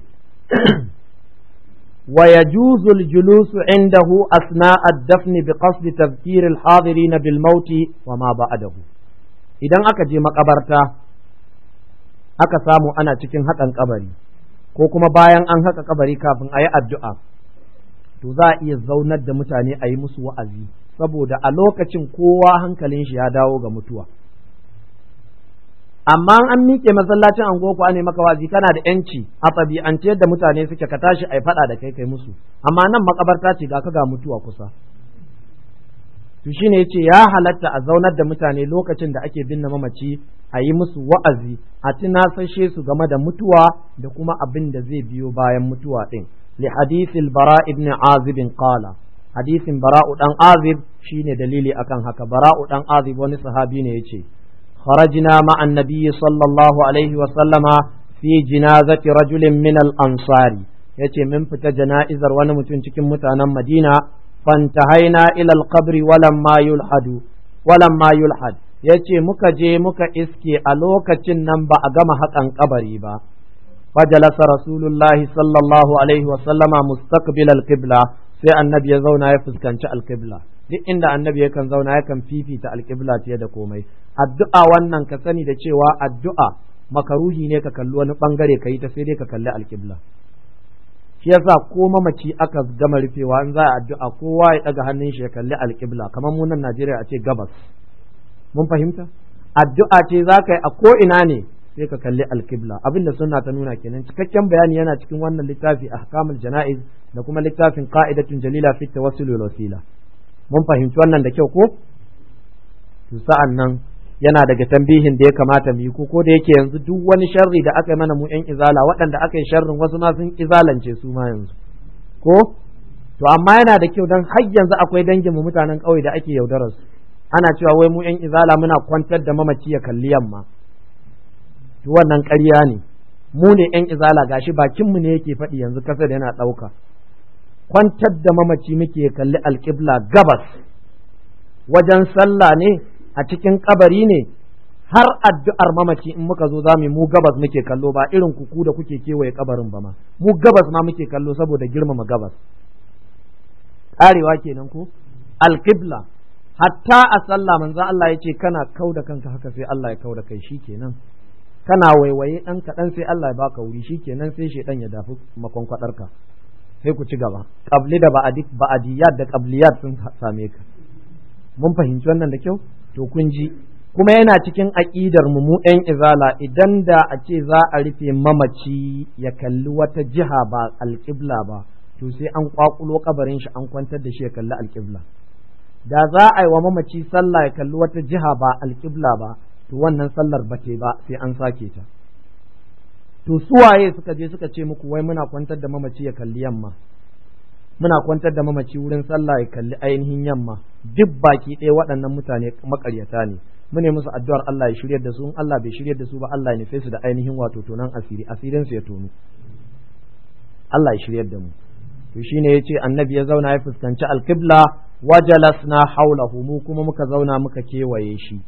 ويجوز الجلوس عنده أثناء الدفن بقصد تذكير الحاضرين بالموت وما بعده idan aka je maƙabarta aka samu ana cikin haƙan ƙabari, ko kuma bayan an haƙa kabari kafin a yi addu'a to za a iya zaunar da mutane a yi musu wa'azi saboda a lokacin kowa hankalin shi ya dawo ga mutuwa amma an miƙe masallacin anguwa ku ne maka wazi kana da yanci a tabi'ance yadda mutane suke ka tashi ai faɗa da kai kai musu amma nan makabarta ce ga ka ga mutuwa kusa to shine yace ya halatta a zaunar da mutane lokacin da ake binne mamaci a yi musu wa'azi a tunasashe su game da mutuwa da kuma abin da zai biyo bayan mutuwa din li hadithil bara ibn azib qala hadisin bara'u dan azib shine dalili akan haka bara'u dan azib wani sahabi ne yace خرجنا مع النبي صلى الله عليه وسلم في جنازة رجل من الأنصار يتي من فتا جنائز ونمت تكن متانا مدينة فانتهينا إلى القبر ولما يلحد ولما يلحد yace muka je muka iske a lokacin nan ba a gama haƙan kabari ba fajalasa rasulullahi sallallahu alaihi wasallama mustaqbil alqibla sai annabi ya zauna ya fuskanci alqibla duk inda annabi yakan zauna yakan fifita alƙibla fiye da komai addu'a wannan ka sani da cewa addu'a makaruhi ne ka kalli wani bangare ka yi ta sai dai ka kalli alƙibla shi yasa ko mamaci aka gama rufewa in za a addu'a kowa ya daga hannun shi ya kalli alƙibla kamar mu nan Najeriya a ce gabas mun fahimta addu'a ce za ka yi a ko ina ne sai ka kalli alƙibla abin da sunna ta nuna kenan cikakken bayani yana cikin wannan littafi ahkamul jana'iz da kuma littafin qa'idatun jalila fi tawassul wal wasila mun fahimci wannan da kyau ko sa'an nan yana daga tambihin da ya kamata mu yi ko da yake yanzu duk wani sharri da aka yi mana mu yan izala waɗanda aka yi sharrin wasu ma sun izalance su ma yanzu ko to amma yana da kyau dan har yanzu akwai dangin mu mutanen ƙauye da ake yaudarar su ana cewa wai mu yan izala muna kwantar da mamaci ya kalli yamma to wannan ƙarya ne mu ne yan izala gashi bakin mu ne yake faɗi yanzu kasar yana ɗauka kwantar da mamaci muke kalli alƙibla gabas wajen sallah ne a cikin kabari ne har addu'ar mamaci in muka zo za mu mu gabas muke kallo ba irin kuku da kuke kewaye kabarin ba ma mu gabas ma muke kallo saboda girmama gabas karewa kenan ko alƙibla hatta a sallah manzo Allah ya kana kau da kanka haka sai Allah ya kau da kai shikenan kana waiwaye ɗan kaɗan sai Allah ya baka wuri shikenan sai shedan ya dafi makon sai ku ci gaba kabli da ba'adi ba'adiyat da qabliyat sun same ka mun fahimci wannan da kyau to kun ji kuma yana cikin aƙidar mu mu ɗan izala idan da a ce za a rufe mamaci ya kalli wata jiha ba alƙibla ba to sai an ƙwaƙulo kabarin shi an kwantar da shi ya kalli alƙibla da za a yi wa mamaci sallah ya kalli wata jiha ba alƙibla ba to wannan sallar ba ba sai an sake ta to suwaye suka je suka ce muku wai muna kwantar da mamaci ya kalli yamma muna kwantar da mamaci wurin sallah ya kalli ainihin yamma duk baki ɗaya waɗannan mutane makaryata ne mu ne musu addu'ar Allah ya shiryar da su in Allah bai shiryar da su ba Allah ya nufe su da ainihin wato tonan asiri asirin su ya tonu Allah ya shiryar da mu to shine yace annabi ya zauna ya fuskanci alqibla wajalasna hawlahu mu kuma muka zauna muka kewaye shi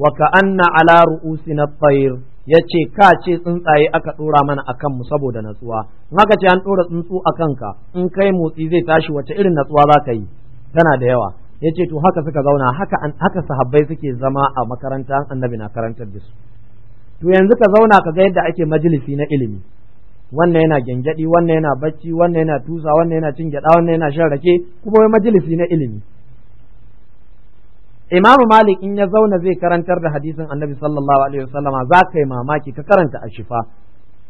wa ka'anna ala ru'usina at-tayr ya ce ka ce tsuntsaye aka ɗora mana a kanmu saboda natsuwa in aka ce an ɗora tsuntsu a kanka in kai motsi zai tashi wace irin natsuwa za ka yi tana da yawa ya ce to haka suka zauna haka haka sahabbai suke zama a makaranta annabi na karantar da su to yanzu ka zauna ka ga yadda ake majalisi na ilimi wannan yana gyangyaɗi wannan yana bacci wannan yana tusa wannan yana cin gyaɗa wannan yana shan rake kuma wai majalisi na ilimi Imam Malik in ya zauna zai karantar da hadisin Annabi sallallahu alaihi wasallama za ka yi mamaki ka karanta a shifa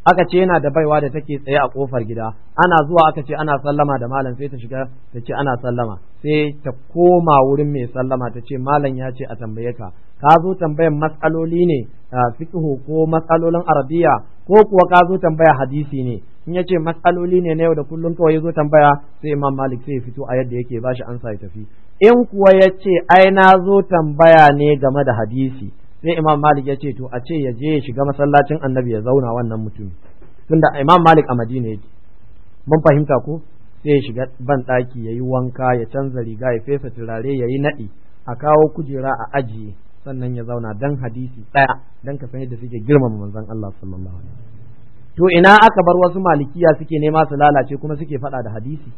aka ce yana da baiwa da take tsaye a kofar gida ana zuwa aka ce ana sallama da malam sai ta shiga ta ce ana sallama sai ta koma wurin mai sallama ta ce malam ya ce a tambaye ka ka zo tambayan matsaloli ne fiqhu ko matsalolin arabiya ko kuwa ka zo tambaya hadisi ne in ya ce matsaloli ne na yau da kullum kawai ya zo tambaya sai imam malik sai ya fito a yadda yake shi ansa ya tafi in kuwa ya ce ai na zo tambaya ne game da hadisi sai imam malik ya ce to a ce ya je ya shiga masallacin annabi ya zauna wannan mutum tunda imam malik a madina yake mun fahimta ko sai ya shiga ban ɗaki ya yi wanka ya canza riga ya fesa turare ya yi naɗi a kawo kujera a ajiye sannan ya zauna dan hadisi ɗaya dan ka san yadda suke girmama manzon Allah sallallahu alaihi to ina aka bar wasu malikiya suke nema su lalace kuma suke faɗa da hadisi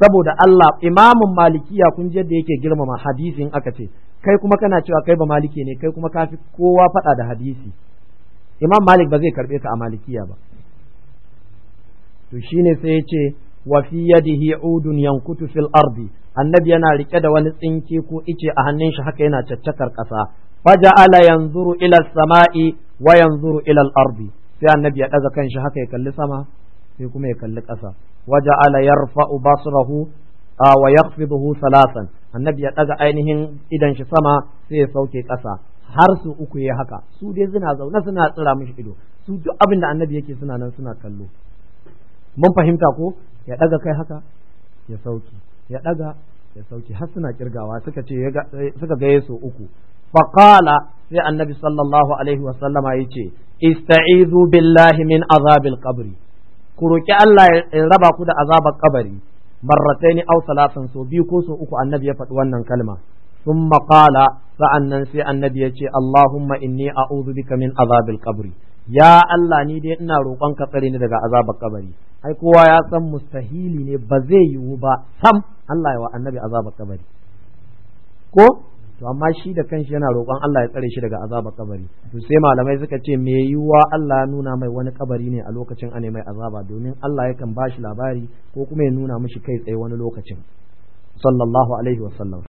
saboda Allah imamin malikiya kun je yadda yake girmama hadisi in aka ce kai kuma kana cewa kai ba maliki ne kai kuma kafi kowa faɗa da hadisi imam malik ba zai karɓe ka a malikiya ba to shine sai ya ce wa fi yadihi udun yankutu fil ardi annabi yana rike da wani tsinke ko ice a hannun shi haka yana caccakar kasa faja faja'ala yanzuru ila samai wa yanzuru ila al-ardi sai annabi ya daga shi haka ya kalli sama sai kuma ya kalli ƙasa waja'ala yarfa'u basrahu wa yakhfiduhu salasan annabi ya ɗaga ainihin idan shi sama sai ya sauke ƙasa har su uku ya haka su dai suna zaune suna tsira mishi ido su duk abin da annabi yake suna nan suna kallo mun fahimta ko ya ɗaga kai haka ya sauke ya ɗaga ya sauke har suna kirgawa suka ce suka ga uku faqala sai annabi sallallahu alaihi wasallama ce ista'izu billahi min azabil qabri ku roki Allah ya raba ku da azabar kabari marrataini ni salasan so biyu ko so uku annabi ya faɗi wannan kalma thumma sa'an sa'annan sai annabi ya ce Allahumma inni a'udhu bika min azabil qabri ya Allah ni dai ina roƙon ka tsare ni daga azabar kabari ai kowa ya san mustahili ne ba zai yiwu ba sam Allah ya wa annabi azabar kabari ko to amma shi da kanshi yana roƙon Allah ya tsare shi daga azaba kabari to sai malamai suka ce me yiwuwa Allah ya nuna mai wani kabari ne a lokacin ane mai azaba domin Allah yakan ba shi labari ko kuma ya nuna mishi kai tsaye wani lokacin sallallahu alaihi wasallam